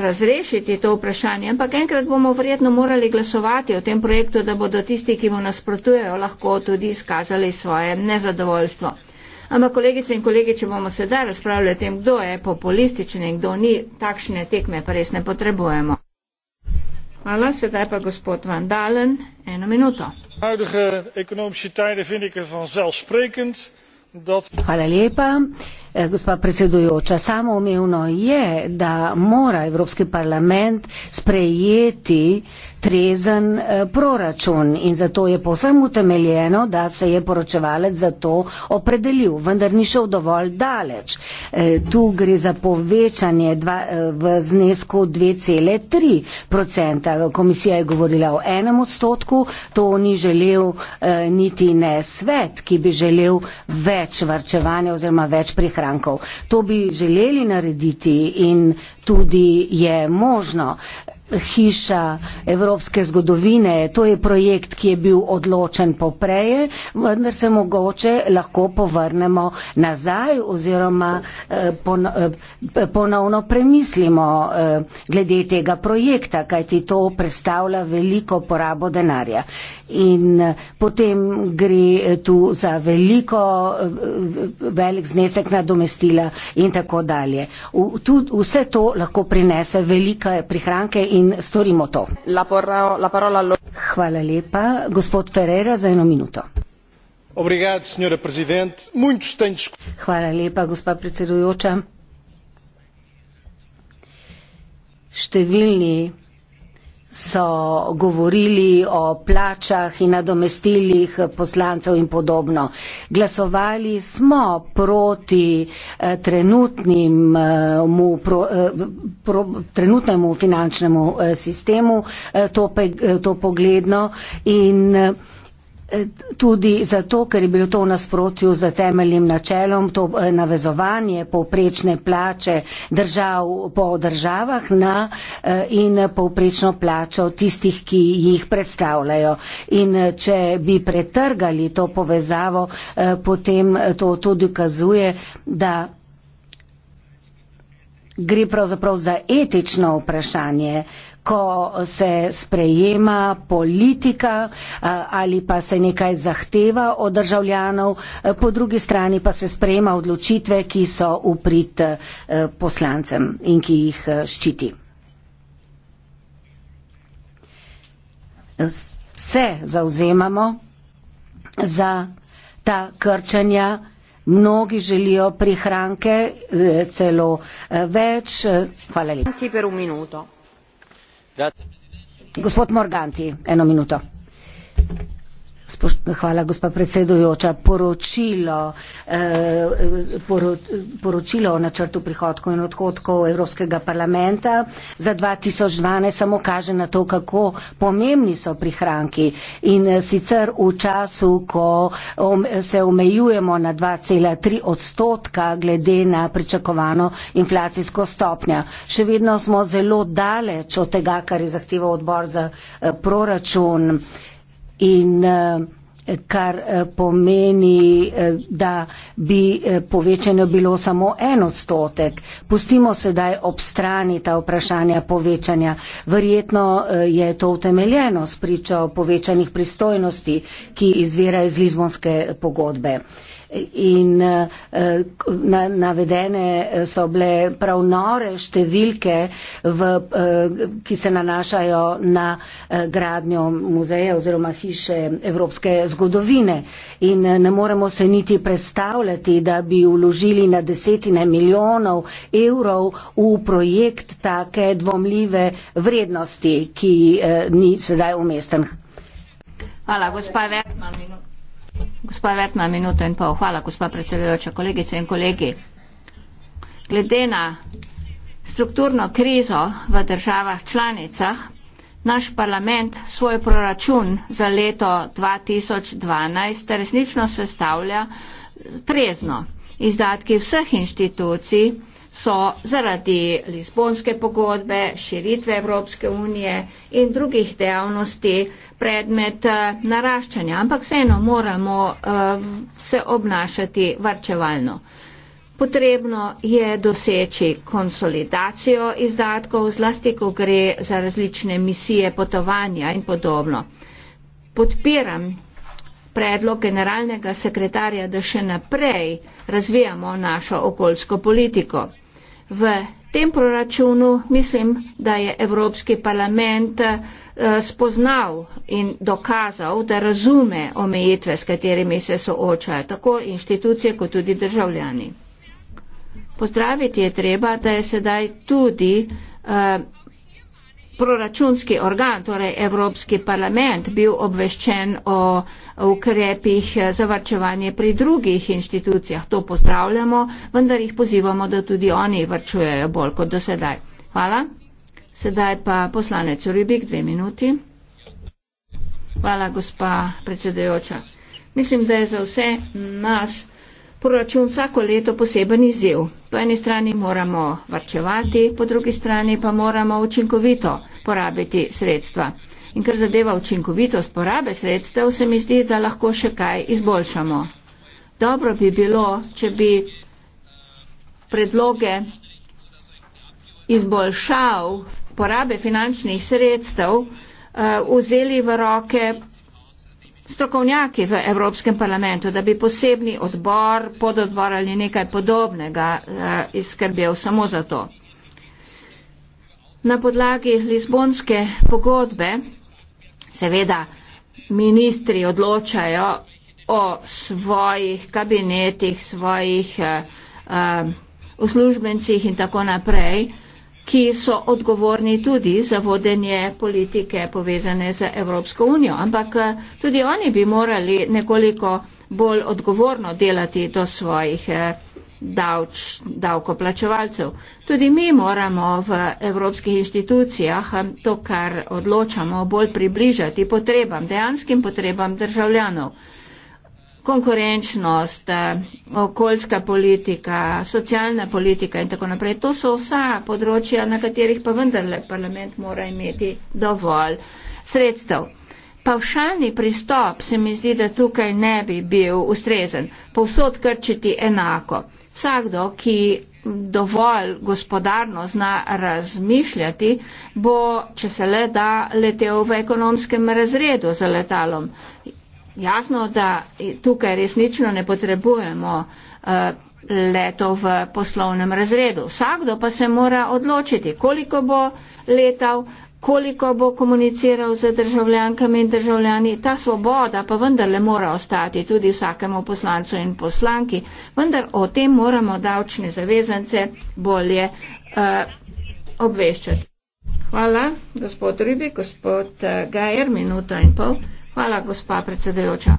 razrešiti to vprašanje. Ampak enkrat bomo vredno morali glasovati o tem projektu, da bodo tisti, ki mu nasprotujejo, lahko tudi izkazali svoje nezadovoljstvo. Ampak kolegice in kolegi, če bomo sedaj razpravljali o tem, kdo je populističen in kdo ni, takšne tekme pa res ne potrebujemo. Hvala, sedaj pa gospod Van Dalen, eno minuto. Huidige ekonomske tajne vind ik er vanzelfsprekend. Hvala lepa. Eh, gospa predsedujoča, samoumevno je, da mora Evropski parlament sprejeti eh, trezen eh, proračun in zato je posem utemeljeno, da se je poročevalec za to opredelil, vendar ni šel dovolj daleč. Eh, tu gre za povečanje eh, v znesku 2,3%. Komisija je govorila o enem odstotku, to ni želel niti ne svet, ki bi želel več varčevanja oziroma več prihrankov. To bi želeli narediti in tudi je možno hiša evropske zgodovine. To je projekt, ki je bil odločen popreje, vendar se mogoče lahko povrnemo nazaj oziroma eh, eh, ponovno premislimo eh, glede tega projekta, kajti to predstavlja veliko porabo denarja. In potem gre tu za veliko, velik znesek nadomestila in tako dalje. Vse to lahko prinese velike prihranke in in storimo to. Hvala lepa. Gospod Ferreira za eno minuto. Obrigado, senhora presidente. Muitos têm Hvala lepa, gospa predsedujoča. Številni so govorili o plačah in nadomestilih poslancev in podobno. Glasovali smo proti eh, trenutnemu, eh, pro, eh, pro, trenutnemu finančnemu sistemu, to, pe, to pogledno in tudi zato, ker je bilo to v nasprotju z temeljnim načelom, to eh, navezovanje povprečne plače držav po državah na eh, in povprečno plačo tistih, ki jih predstavljajo. In eh, če bi pretrgali to povezavo, potem to tudi ukazuje, da gre pravzaprav za etično vprašanje ko se sprejema politika ali pa se nekaj zahteva od državljanov, po drugi strani pa se sprejema odločitve, ki so uprit poslancem in ki jih ščiti. Vse zauzemamo za ta krčanja. Mnogi želijo prihranke, e, celo e, več. E, hvala lepa. Gospod Morganti, eno minuto. Hvala, gospa predsedujoča. Poročilo, eh, poro, poročilo o načrtu prihodkov in odhodkov Evropskega parlamenta za 2012 samo kaže na to, kako pomembni so prihranki. In eh, sicer v času, ko se omejujemo na 2,3 odstotka glede na pričakovano inflacijsko stopnjo. Še vedno smo zelo daleč od tega, kar je zahteval odbor za eh, proračun in eh, kar eh, pomeni, eh, da bi povečanje bilo samo en odstotek. Pustimo sedaj ob strani ta vprašanja povečanja. Verjetno je to utemeljeno s pričo povečanih pristojnosti, ki izvira iz Lizbonske pogodbe in eh, na, navedene eh, so bile prav nore številke, v, eh, ki se nanašajo na gradnjo muzeja oziroma hiše evropske zgodovine. In ne moremo se niti predstavljati, da bi uložili na desetine milijonov evrov v projekt take dvomljive vrednosti, ki ni sedaj umesten. Hvala, gospa Vertman. Gospa Vertna, minuto in pol. Hvala, gospa predsedujoča, kolegice in kolegi. Glede na strukturno krizo v državah članicah, naš parlament svoj proračun za leto 2012 resnično sestavlja trezno. Izdatki vseh inštitucij, so zaradi Lizbonske pogodbe, širitve Evropske unije in drugih dejavnosti predmet eh, naraščanja, ampak vseeno moramo eh, se obnašati varčevalno. Potrebno je doseči konsolidacijo izdatkov, zlasti ko gre za različne misije potovanja in podobno. Podpiram predlog generalnega sekretarja, da še naprej razvijamo našo okoljsko politiko. V tem proračunu mislim, da je Evropski parlament eh, spoznal in dokazal, da razume omejitve, s katerimi se soočajo tako inštitucije kot tudi državljani. Pozdraviti je treba, da je sedaj tudi eh, proračunski organ, torej Evropski parlament, bil obveščen o ukrepih za varčevanje pri drugih inštitucijah. To pozdravljamo, vendar jih pozivamo, da tudi oni varčujejo bolj kot dosedaj. Hvala. Sedaj pa poslanec Uribik, dve minuti. Hvala, gospa predsedujoča. Mislim, da je za vse nas Proračun vsako leto poseben izjev. Po eni strani moramo varčevati, po drugi strani pa moramo učinkovito porabiti sredstva. In kar zadeva učinkovitost porabe sredstev, se mi zdi, da lahko še kaj izboljšamo. Dobro bi bilo, če bi predloge izboljšav porabe finančnih sredstev uh, vzeli v roke strokovnjaki v Evropskem parlamentu, da bi posebni odbor, pododbor ali nekaj podobnega eh, izskrbel samo za to. Na podlagi Lizbonske pogodbe seveda ministri odločajo o svojih kabinetih, svojih eh, eh uslužbencih in tako naprej ki so odgovorni tudi za vodenje politike povezane z Evropsko unijo. Ampak eh, tudi oni bi morali nekoliko bolj odgovorno delati do svojih eh, davč, davkoplačevalcev. Tudi mi moramo v evropskih institucijah eh, to, kar odločamo, bolj približati potrebam, dejanskim potrebam državljanov konkurenčnost, eh, okoljska politika, socialna politika in tako naprej. To so vsa področja, na katerih pa vendarle parlament mora imeti dovolj sredstev. Pavšalni pristop se mi zdi, da tukaj ne bi bil ustrezen. Povsod krčiti enako. Vsakdo, ki dovolj gospodarno zna razmišljati, bo, če se le da, letel v ekonomskem razredu za letalom jasno, da tukaj resnično ne potrebujemo eh, leto v poslovnem razredu. Vsakdo pa se mora odločiti, koliko bo letal, koliko bo komuniciral z državljankami in državljani. Ta svoboda pa vendarle mora ostati tudi vsakemu poslancu in poslanki. Vendar o tem moramo davčne zavezance bolje uh, obveščati. Hvala, gospod Ribi, gospod uh, Gajer, minuto in pol. Hvala, gospa predsedujoča.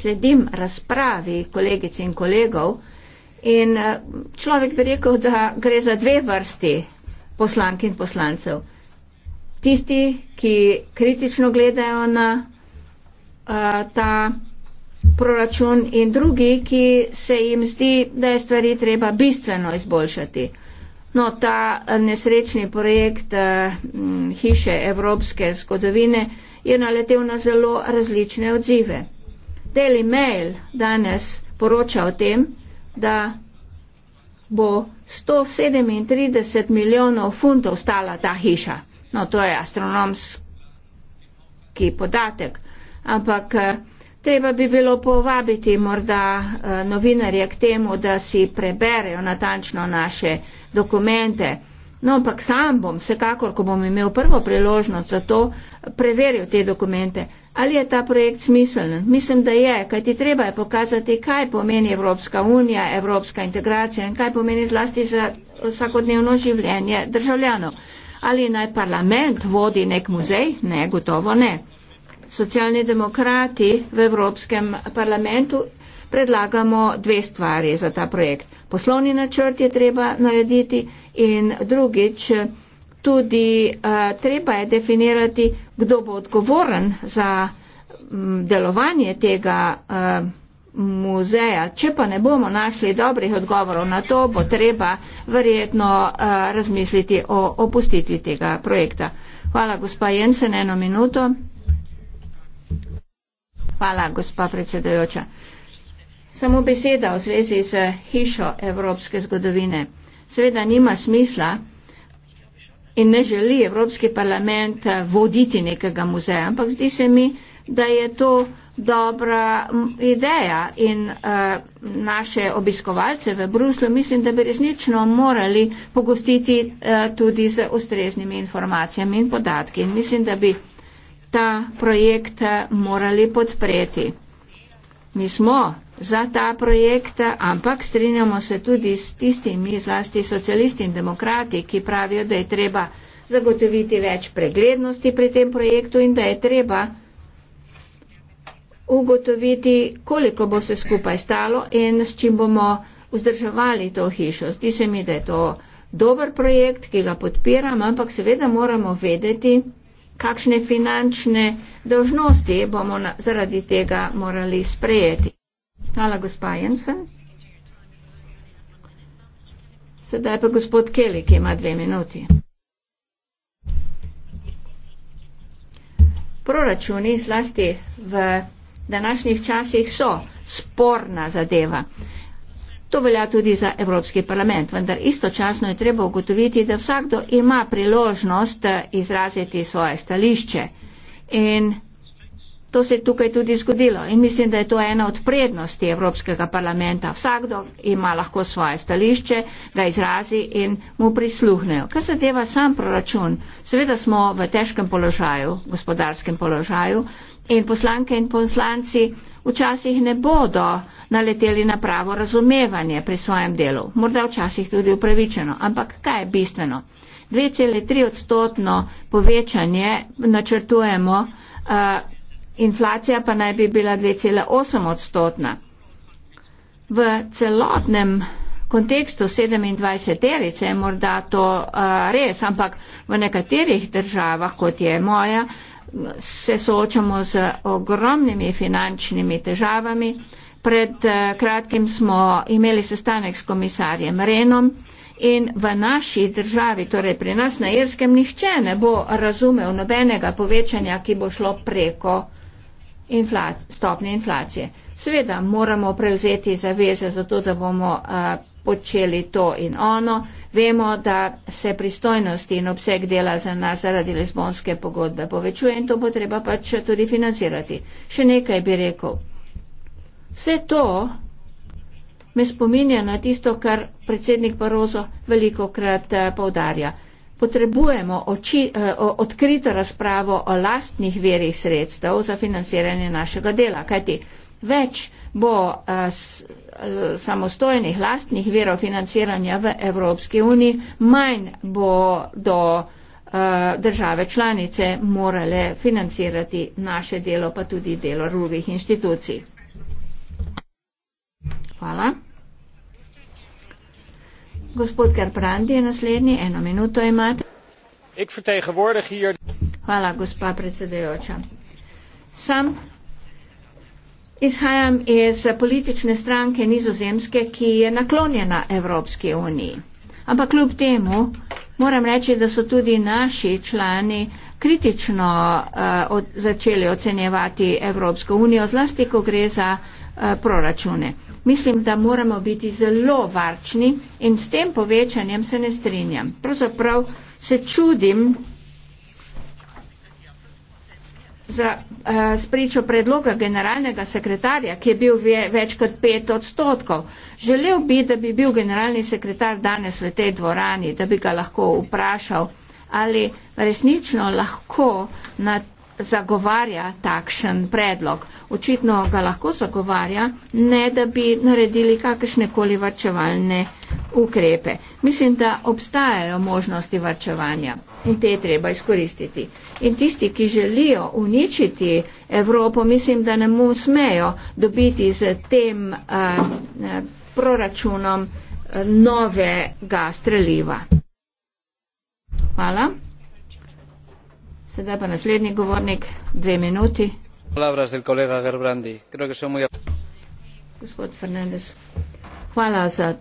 Sledim razpravi kolegic in kolegov in eh, človek bi rekel, da gre za dve vrsti poslank in poslancev. Tisti, ki kritično gledajo na uh, ta proračun in drugi, ki se jim zdi, da je stvari treba bistveno izboljšati. No, ta eh, nesrečni projekt eh, Hiše evropske zgodovine je naletel na zelo različne odzive. Daily Mail danes poroča o tem, da bo 137 milijonov funtov stala ta hiša. No, to je astronomski podatek. Ampak eh, treba bi bilo povabiti morda novinarje k temu, da si preberejo natančno naše dokumente. No, ampak sam bom, vsekakor, ko bom imel prvo priložnost za to, preveril te dokumente, ali je ta projekt smiseln. Mislim, da je, kajti treba je pokazati, kaj pomeni Evropska unija, Evropska integracija in kaj pomeni zlasti za vsakodnevno življenje državljanov. Ali naj parlament vodi nek muzej? Ne, gotovo ne. Socialni demokrati v Evropskem parlamentu predlagamo dve stvari za ta projekt poslovni načrt je treba narediti in drugič, tudi uh, treba je definirati, kdo bo odgovoren za um, delovanje tega uh, muzeja. Če pa ne bomo našli dobrih odgovorov na to, bo treba verjetno uh, razmisliti o opustitvi tega projekta. Hvala, gospa Jensen, eno minuto. Hvala, gospa predsedajoča. Samo beseda v zvezi z hišo evropske zgodovine. Seveda nima smisla in ne želi Evropski parlament eh, voditi nekega muzeja, ampak zdi se mi, da je to dobra ideja in uh, naše obiskovalce v Bruslu mislim, da bi resnično morali pogostiti uh, tudi z ustreznimi informacijami in podatki. In mislim, da bi ta projekt morali podpreti. Mi smo za ta projekt, ampak strinjamo se tudi s tistimi, zlasti socialisti in demokrati, ki pravijo, da je treba zagotoviti več preglednosti pri tem projektu in da je treba ugotoviti, koliko bo se skupaj stalo in s čim bomo vzdrževali to hišo. Zdi se mi, da je to dober projekt, ki ga podpiram, ampak seveda moramo vedeti, kakšne finančne dožnosti bomo na, zaradi tega morali sprejeti. Hvala, gospa Jensen. Sedaj pa gospod Kelly, ki ima dve minuti. Proračuni, zlasti v današnjih časih, so sporna zadeva. To velja tudi za Evropski parlament, vendar istočasno je treba ugotoviti, da vsakdo ima priložnost eh, izraziti svoje stališče. In To se je tukaj tudi zgodilo in mislim, da je to ena od prednosti Evropskega parlamenta. Vsakdo ima lahko svoje stališče, ga izrazi in mu prisluhnejo. Kar zadeva sam proračun, seveda smo v težkem položaju, gospodarskem položaju in poslanke in poslanci včasih ne bodo naleteli na pravo razumevanje pri svojem delu, morda včasih tudi upravičeno, ampak kaj je bistveno? 2,3 odstotno povečanje načrtujemo eh, inflacija pa naj bi bila 2,8 odstotna. V celotnem kontekstu 27 terice je morda to uh, res, ampak v nekaterih državah, kot je moja, se soočamo z ogromnimi finančnimi težavami. Pred uh, kratkim smo imeli sestanek s komisarjem Renom in v naši državi, torej pri nas na Irskem, nihče ne bo razumel nobenega povečanja, ki bo šlo preko inflac, stopnje inflacije. Seveda moramo prevzeti zaveze za to, da bomo a, eh, počeli to in ono. Vemo, da se pristojnosti in obseg dela za nas zaradi lezbonske pogodbe povečuje in to bo treba pač tudi financirati. Še nekaj bi rekel. Vse to me spominja na tisto, kar predsednik Barozo veliko krat eh, poudarja potrebujemo oči, eh, odkrito razpravo o lastnih verjih sredstev za financiranje našega dela, kajti več bo eh, eh, samostojnih lastnih verov financiranja v Evropski uniji, manj bo do države članice morale financirati naše delo, pa tudi delo drugih inštitucij. Hvala. Gospod Gerbrandi je naslednji, eno minuto imate. Hier... Hvala, gospa predsedujoča. Sam izhajam iz politične stranke nizozemske, ki je naklonjena Evropski uniji. Ampak kljub temu moram reči, da so tudi naši člani kritično uh, od, začeli ocenjevati Evropsko unijo, zlasti ko gre za uh, proračune mislim, da moramo biti zelo varčni in s tem povečanjem se ne strinjam. Pravzaprav se čudim za uh, eh, spričo predloga generalnega sekretarja, ki je bil ve, več kot pet odstotkov. Želel bi, da bi bil generalni sekretar danes v tej dvorani, da bi ga lahko vprašal, ali resnično lahko na zagovarja takšen predlog. Očitno ga lahko zagovarja, ne da bi naredili kakršne koli varčevalne ukrepe. Mislim, da obstajajo možnosti varčevanja in te je treba izkoristiti. In tisti, ki želijo uničiti Evropo, mislim, da ne mu smejo dobiti z tem eh, eh proračunom eh, novega streljiva. Hvala. Sedaj pa naslednji govornik, dve minuti. Palabras del kolega Gerbrandi. Creo que son muy... Gospod Fernandez, hvala za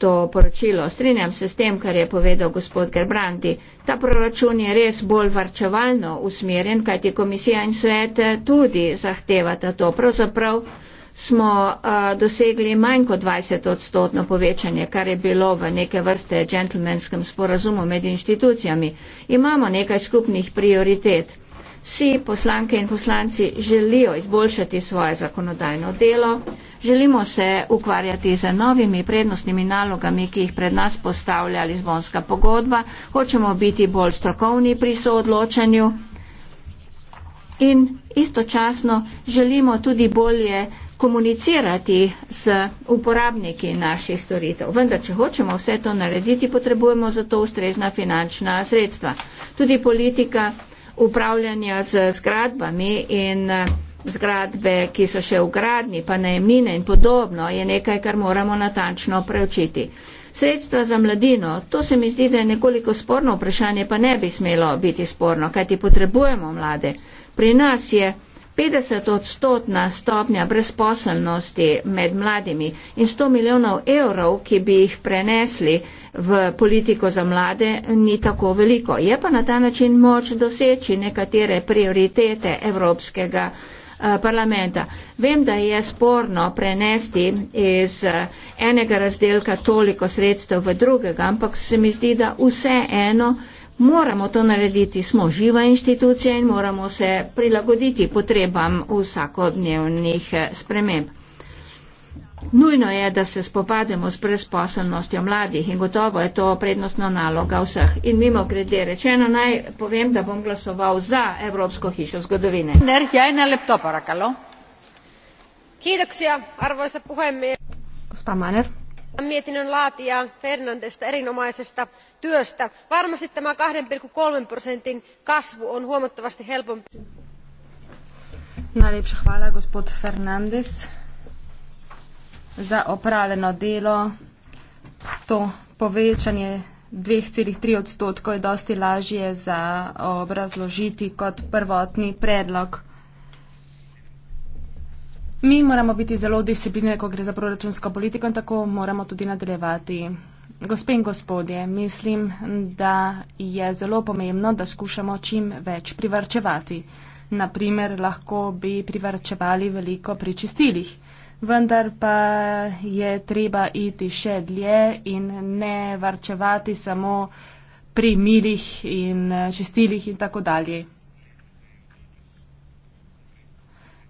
to poročilo. Strinjam se s tem, kar je povedal gospod Gerbrandi. Ta proračun je res bolj varčevalno usmerjen, kajti komisija in svet tudi zahtevata to. Pravzaprav smo uh, dosegli manj kot 20 odstotno povečanje, kar je bilo v neke vrste džentlmenskem sporazumu med inštitucijami. Imamo nekaj skupnih prioritet. Vsi poslanke in poslanci želijo izboljšati svoje zakonodajno delo, želimo se ukvarjati z novimi prednostnimi nalogami, ki jih pred nas postavlja Lizbonska pogodba, hočemo biti bolj strokovni pri soodločanju. In istočasno želimo tudi bolje komunicirati z uporabniki naših storitev. Vendar, če hočemo vse to narediti, potrebujemo za to ustrezna finančna sredstva. Tudi politika upravljanja z zgradbami in eh, zgradbe, ki so še v gradni, pa najemnine in podobno, je nekaj, kar moramo natančno preučiti. Sredstva za mladino, to se mi zdi, da je nekoliko sporno vprašanje, pa ne bi smelo biti sporno, kajti potrebujemo mlade. Pri nas je 50 odstotna stopnja brezposelnosti med mladimi in 100 milijonov evrov, ki bi jih prenesli v politiko za mlade, ni tako veliko. Je pa na ta način moč doseči nekatere prioritete Evropskega eh, parlamenta. Vem, da je sporno prenesti iz eh, enega razdelka toliko sredstev v drugega, ampak se mi zdi, da vse eno moramo to narediti, smo živa institucija in moramo se prilagoditi potrebam vsakodnevnih eh, sprememb. Nujno je, da se spopademo s presposobnostjo mladih in gotovo je to prednostna naloga vseh. In mimo grede rečeno, naj povem, da bom glasoval za Evropsko hišo zgodovine. Ja, Gospa Maner kiitän mietinnön laatijaa fernandesta erinomaisesta työstä. varmasti tämä kaksi kolme prosentin kasvu on huomattavasti helpompi povečanje dveh celih tri odstotkov je dosti lažje za obrazložiti kot prvotni predlog. Mi moramo biti zelo disciplinirani, ko gre za proračunsko politiko in tako moramo tudi nadaljevati. Gospe in gospodje, mislim, da je zelo pomembno, da skušamo čim več privrčevati. Naprimer, lahko bi privrčevali veliko pri čistilih, vendar pa je treba iti še dlje in ne varčevati samo pri milih in čistilih in tako dalje.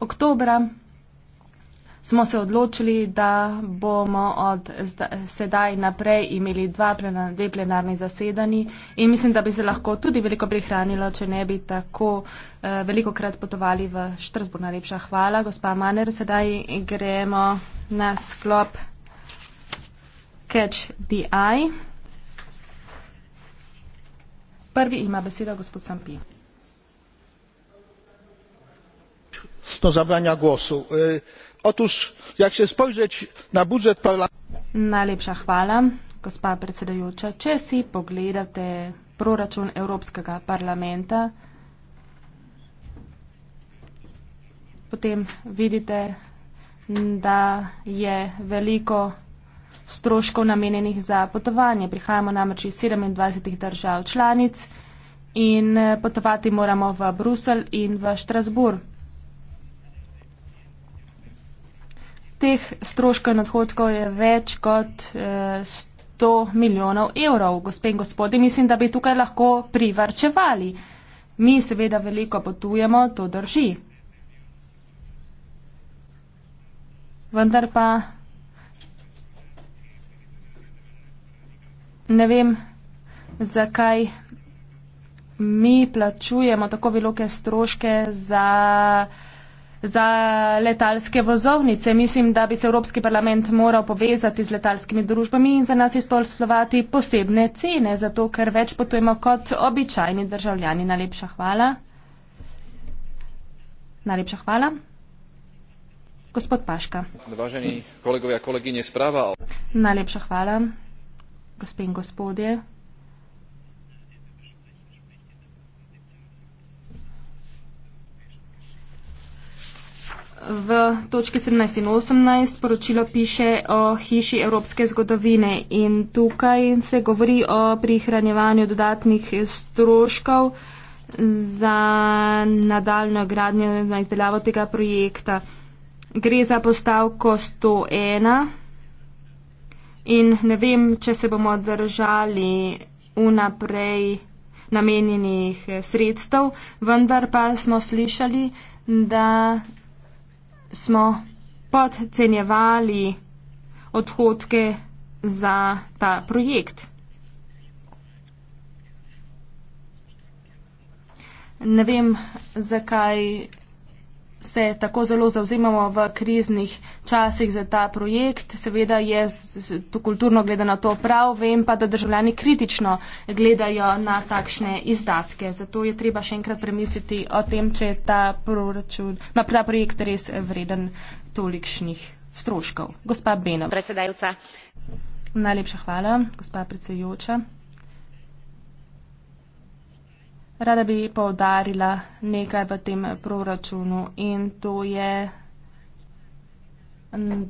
Oktobra smo se odločili, da bomo od sedaj naprej imeli dva plena, dve plenarni zasedani in mislim, da bi se lahko tudi veliko prihranilo, če ne bi tako eh, veliko krat potovali v Štrasburg. Najlepša hvala, gospa Maner. Sedaj gremo na sklop Catch the Eye. Prvi ima besedo gospod Sampi. Do zabrania głosu. Y otóż jak się spojrzeć na budżet Najlepša hvala, gospa predsedajoča. Če si pogledate proračun Evropskega parlamenta, potem vidite, da je veliko stroškov namenjenih za potovanje. Prihajamo namreč iz 27 držav članic in eh, potovati moramo v Brusel in v Štrasburg. teh stroškov in odhodkov je več kot eh, 100 milijonov evrov. Gospe in gospodje, mislim, da bi tukaj lahko privrčevali. Mi seveda veliko potujemo, to drži. Vendar pa ne vem, zakaj mi plačujemo tako veloke stroške za za letalske vozovnice. Mislim, da bi se Evropski parlament moral povezati z letalskimi družbami in za nas izpolslovati posebne cene, zato ker več potujemo kot običajni državljani. Najlepša hvala. Najlepša hvala. Gospod Paška. Važeni kolegovi in kolegine, sprava. Najlepša hvala. Gospe in gospodje. v točki 17 in 18 poročilo piše o hiši evropske zgodovine in tukaj se govori o prihranjevanju dodatnih stroškov za nadaljno gradnjo na izdelavo tega projekta. Gre za postavko 101 in ne vem, če se bomo držali vnaprej namenjenih sredstev, vendar pa smo slišali, da smo podcenjevali odhodke za ta projekt. Ne vem, zakaj se tako zelo zauzemamo v kriznih časih za ta projekt. Seveda je to kulturno gledano to prav, vem pa, da državljani kritično gledajo na takšne izdatke. Zato je treba še enkrat premisliti o tem, če je ta, proračun, na, ta projekt res vreden tolikšnih stroškov. Gospa Benov. Predsedajoča. Najlepša hvala, gospa predsedajoča. Rada bi povdarila nekaj v tem proračunu in to je,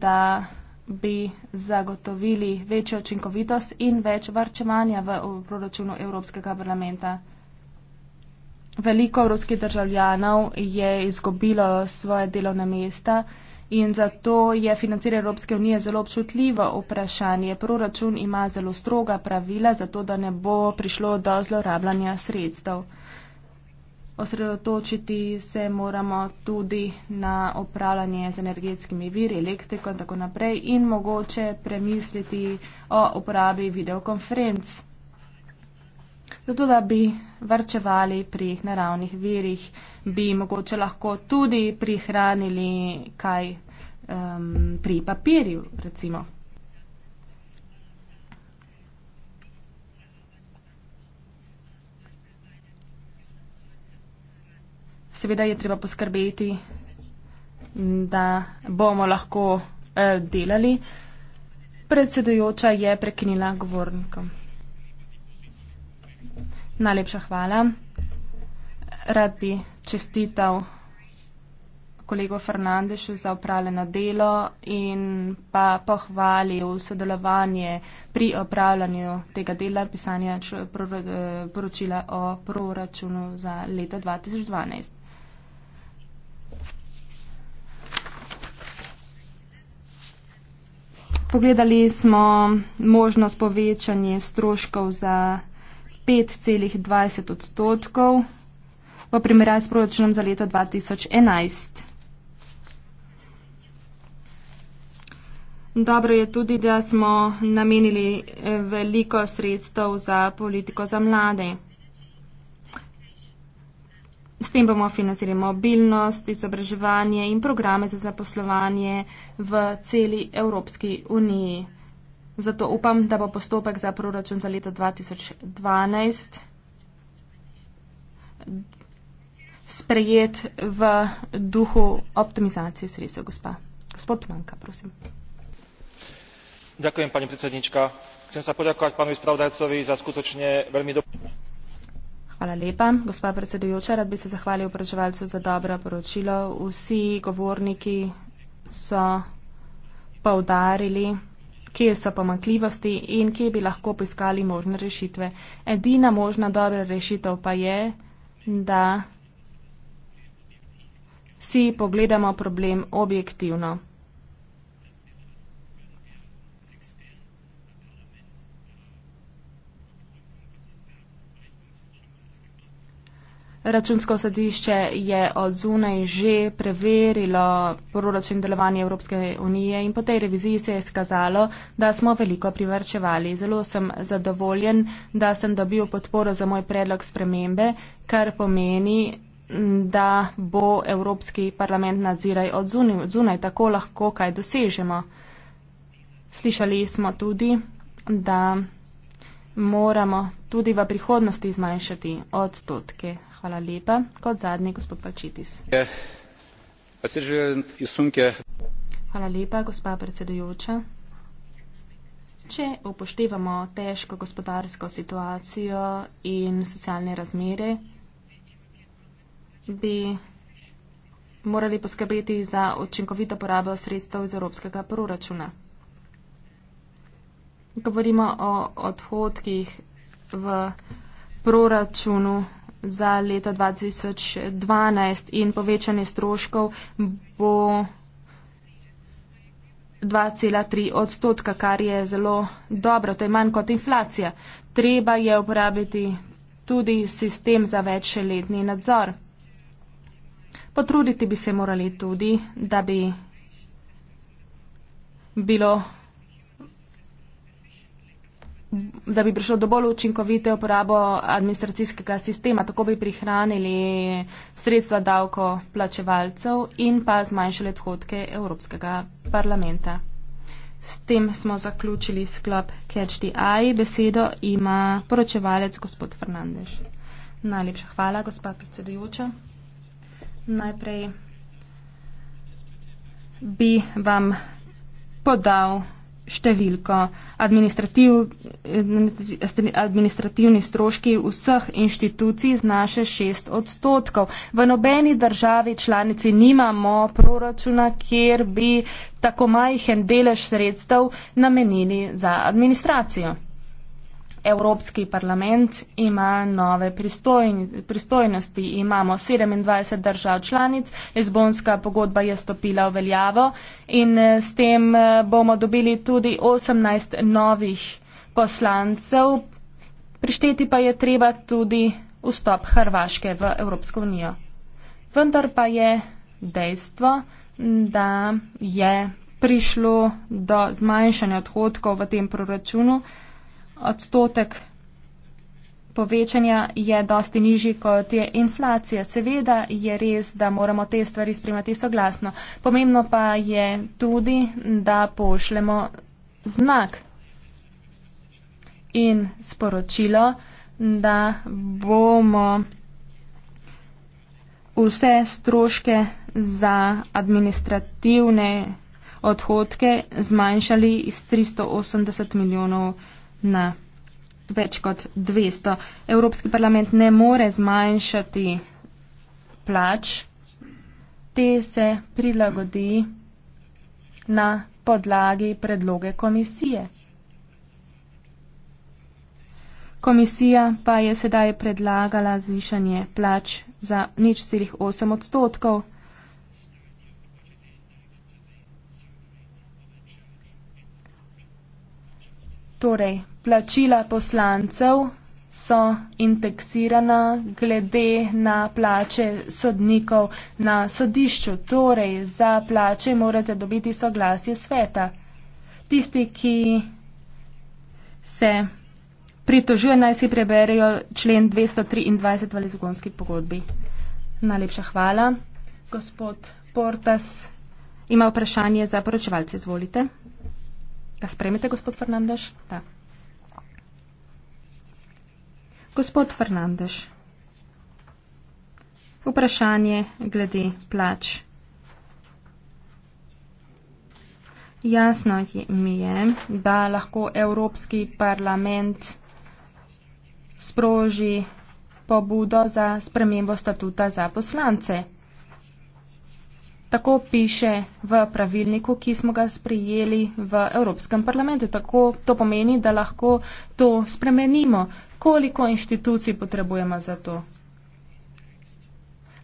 da bi zagotovili večjo učinkovitost in več varčevanja v proračunu Evropskega parlamenta. Veliko evropskih državljanov je izgubilo svoje delovne mesta in zato je financiranje Evropske unije zelo občutljivo vprašanje. Proračun ima zelo stroga pravila, zato da ne bo prišlo do zlorabljanja sredstev. Osredotočiti se moramo tudi na upravljanje z energetskimi viri, elektriko in tako naprej in mogoče premisliti o uporabi videokonferenc. Zato, da bi varčevali pri naravnih virih bi mogoče lahko tudi prihranili kaj um, pri papirju, recimo. Seveda je treba poskrbeti, da bomo lahko eh, delali. Predsedujoča je prekinila govornika. Najlepša hvala. Rad bi čestital kolegu Fernandešu za upravljeno delo in pa pohvalil sodelovanje pri upravljanju tega dela pisanja eh, poročila o proračunu za leto 2012. Pogledali smo možnost povečanja stroškov za 5,20 odstotkov v primerjavi s proračunom za leto 2011. Dobro je tudi, da smo namenili eh, veliko sredstev za politiko za mlade. S tem bomo financirali mobilnost, izobraževanje in programe za zaposlovanje v celi Evropski uniji. Zato upam, da bo postopek za proračun za leto 2012 sprejet v duhu optimizácie sredstev, gospa. Gospod Manka, prosím. Ďakujem, pani predsednička. Chcem sa poďakovať pánovi spravodajcovi za skutočne veľmi dobré... Hvala lepa, gospa predsedujoča, rad bi se zahvalil upraževalcu za dobro poročilo. Vsi govorniki so poudarili, kje so pomankljivosti in kje bi lahko poiskali možne rešitve. Edina možna dobra rešitev pa je, da si pogledamo problem objektivno. Računsko sodišče je od zunaj že preverilo proračun delovanja Evropske unije in po tej reviziji se je skazalo, da smo veliko privrčevali. Zelo sem zadovoljen, da sem dobil podporo za moj predlog spremembe, kar pomeni, da bo Evropski parlament nadziraj od zunaj, od zunaj tako lahko kaj dosežemo. Slišali smo tudi, da moramo tudi v prihodnosti zmanjšati odstotke. Hvala lepa. Kot zadnji, gospod Palčitis. Hvala lepa, gospa predsedujoča. Če upoštevamo težko gospodarsko situacijo in socialne razmere, bi morali poskrbeti za učinkovito porabo sredstev iz evropskega proračuna. Govorimo o odhodkih v proračunu za leto 2012 in povečanje stroškov bo 2,3 odstotka, kar je zelo dobro, to je manj kot inflacija. Treba je uporabiti tudi sistem za večletni nadzor pa truditi bi se morali tudi, da bi bilo da bi prišlo do bolj učinkovite uporabo administracijskega sistema, tako bi prihranili sredstva davko plačevalcev in pa zmanjšali odhodke Evropskega parlamenta. S tem smo zaključili sklop Catch the Eye. Besedo ima poročevalec gospod Fernandež. Najlepša hvala, gospod predsedujoča. Najprej bi vam podal številko administrativ, administrativni stroški vseh inštitucij znaše 6 odstotkov. V nobeni državi članici nimamo proračuna, kjer bi tako majhen delež sredstev namenili za administracijo. Evropski parlament ima nove pristojni, pristojnosti. Imamo 27 držav članic, Lizbonska pogodba je stopila v veljavo in s tem bomo dobili tudi 18 novih poslancev. Prišteti pa je treba tudi vstop Hrvaške v Evropsko unijo. Vendar pa je dejstvo, da je prišlo do zmanjšanja odhodkov v tem proračunu odstotek povečanja je dosti nižji kot je inflacija. Seveda je res, da moramo te stvari spremati soglasno. Pomembno pa je tudi, da pošljemo znak in sporočilo, da bomo vse stroške za administrativne odhodke zmanjšali iz 380 milijonov na več kot 200. Evropski parlament ne more zmanjšati plač, te se prilagodi na podlagi predloge komisije. Komisija pa je sedaj predlagala zvišanje plač za nič celih 8 odstotkov Torej, plačila poslancev so indeksirana glede na plače sodnikov na sodišču. Torej, za plače morate dobiti soglasje sveta. Tisti, ki se pritožuje, naj si preberejo člen 223 v lizgonski pogodbi. Najlepša hvala. Gospod Portas ima vprašanje za poročevalce. Izvolite. Ga spremete, gospod Fernandez? Da. Gospod Fernandez, vprašanje glede plač. Jasno mi je, da lahko Evropski parlament sproži pobudo za spremembo statuta za poslance. Tako piše v pravilniku, ki smo ga sprijeli v Evropskem parlamentu. Tako to pomeni, da lahko to spremenimo. Koliko inštitucij potrebujemo za to?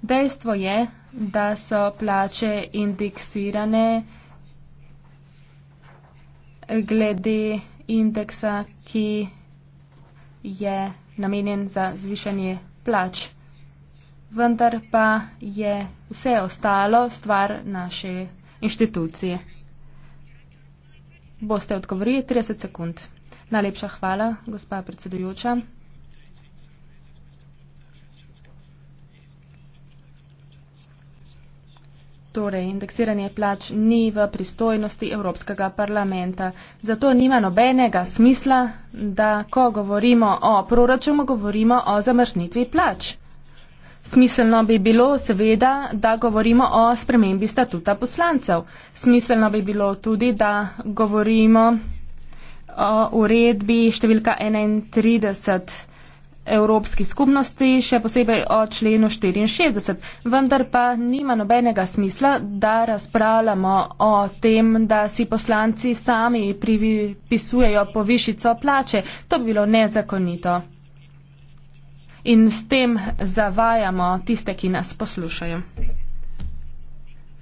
Dejstvo je, da so plače indeksirane glede indeksa, ki je namenjen za zvišanje plač vendar pa je vse ostalo stvar naše inštitucije. Boste odgovorili 30 sekund. Najlepša hvala, gospa predsedujoča. Torej, indeksiranje plač ni v pristojnosti Evropskega parlamenta. Zato nima nobenega smisla, da ko govorimo o proračunu, govorimo o zamrznitvi plač. Smiselno bi bilo seveda, da govorimo o spremembi statuta poslancev. Smiselno bi bilo tudi, da govorimo o uredbi številka 31 Evropski skupnosti, še posebej o členu 64. Vendar pa nima nobenega smisla, da razpravljamo o tem, da si poslanci sami pripisujejo povišico plače. To bi bilo nezakonito in s tem zavajamo tiste, ki nas poslušajo.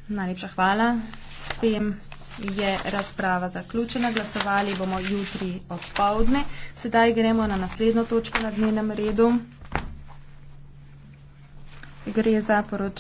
Najlepša hvala. S tem je razprava zaključena. Glasovali bomo jutri odpovdne. Sedaj gremo na naslednjo točko na dnevnem redu. Gre za poročanje.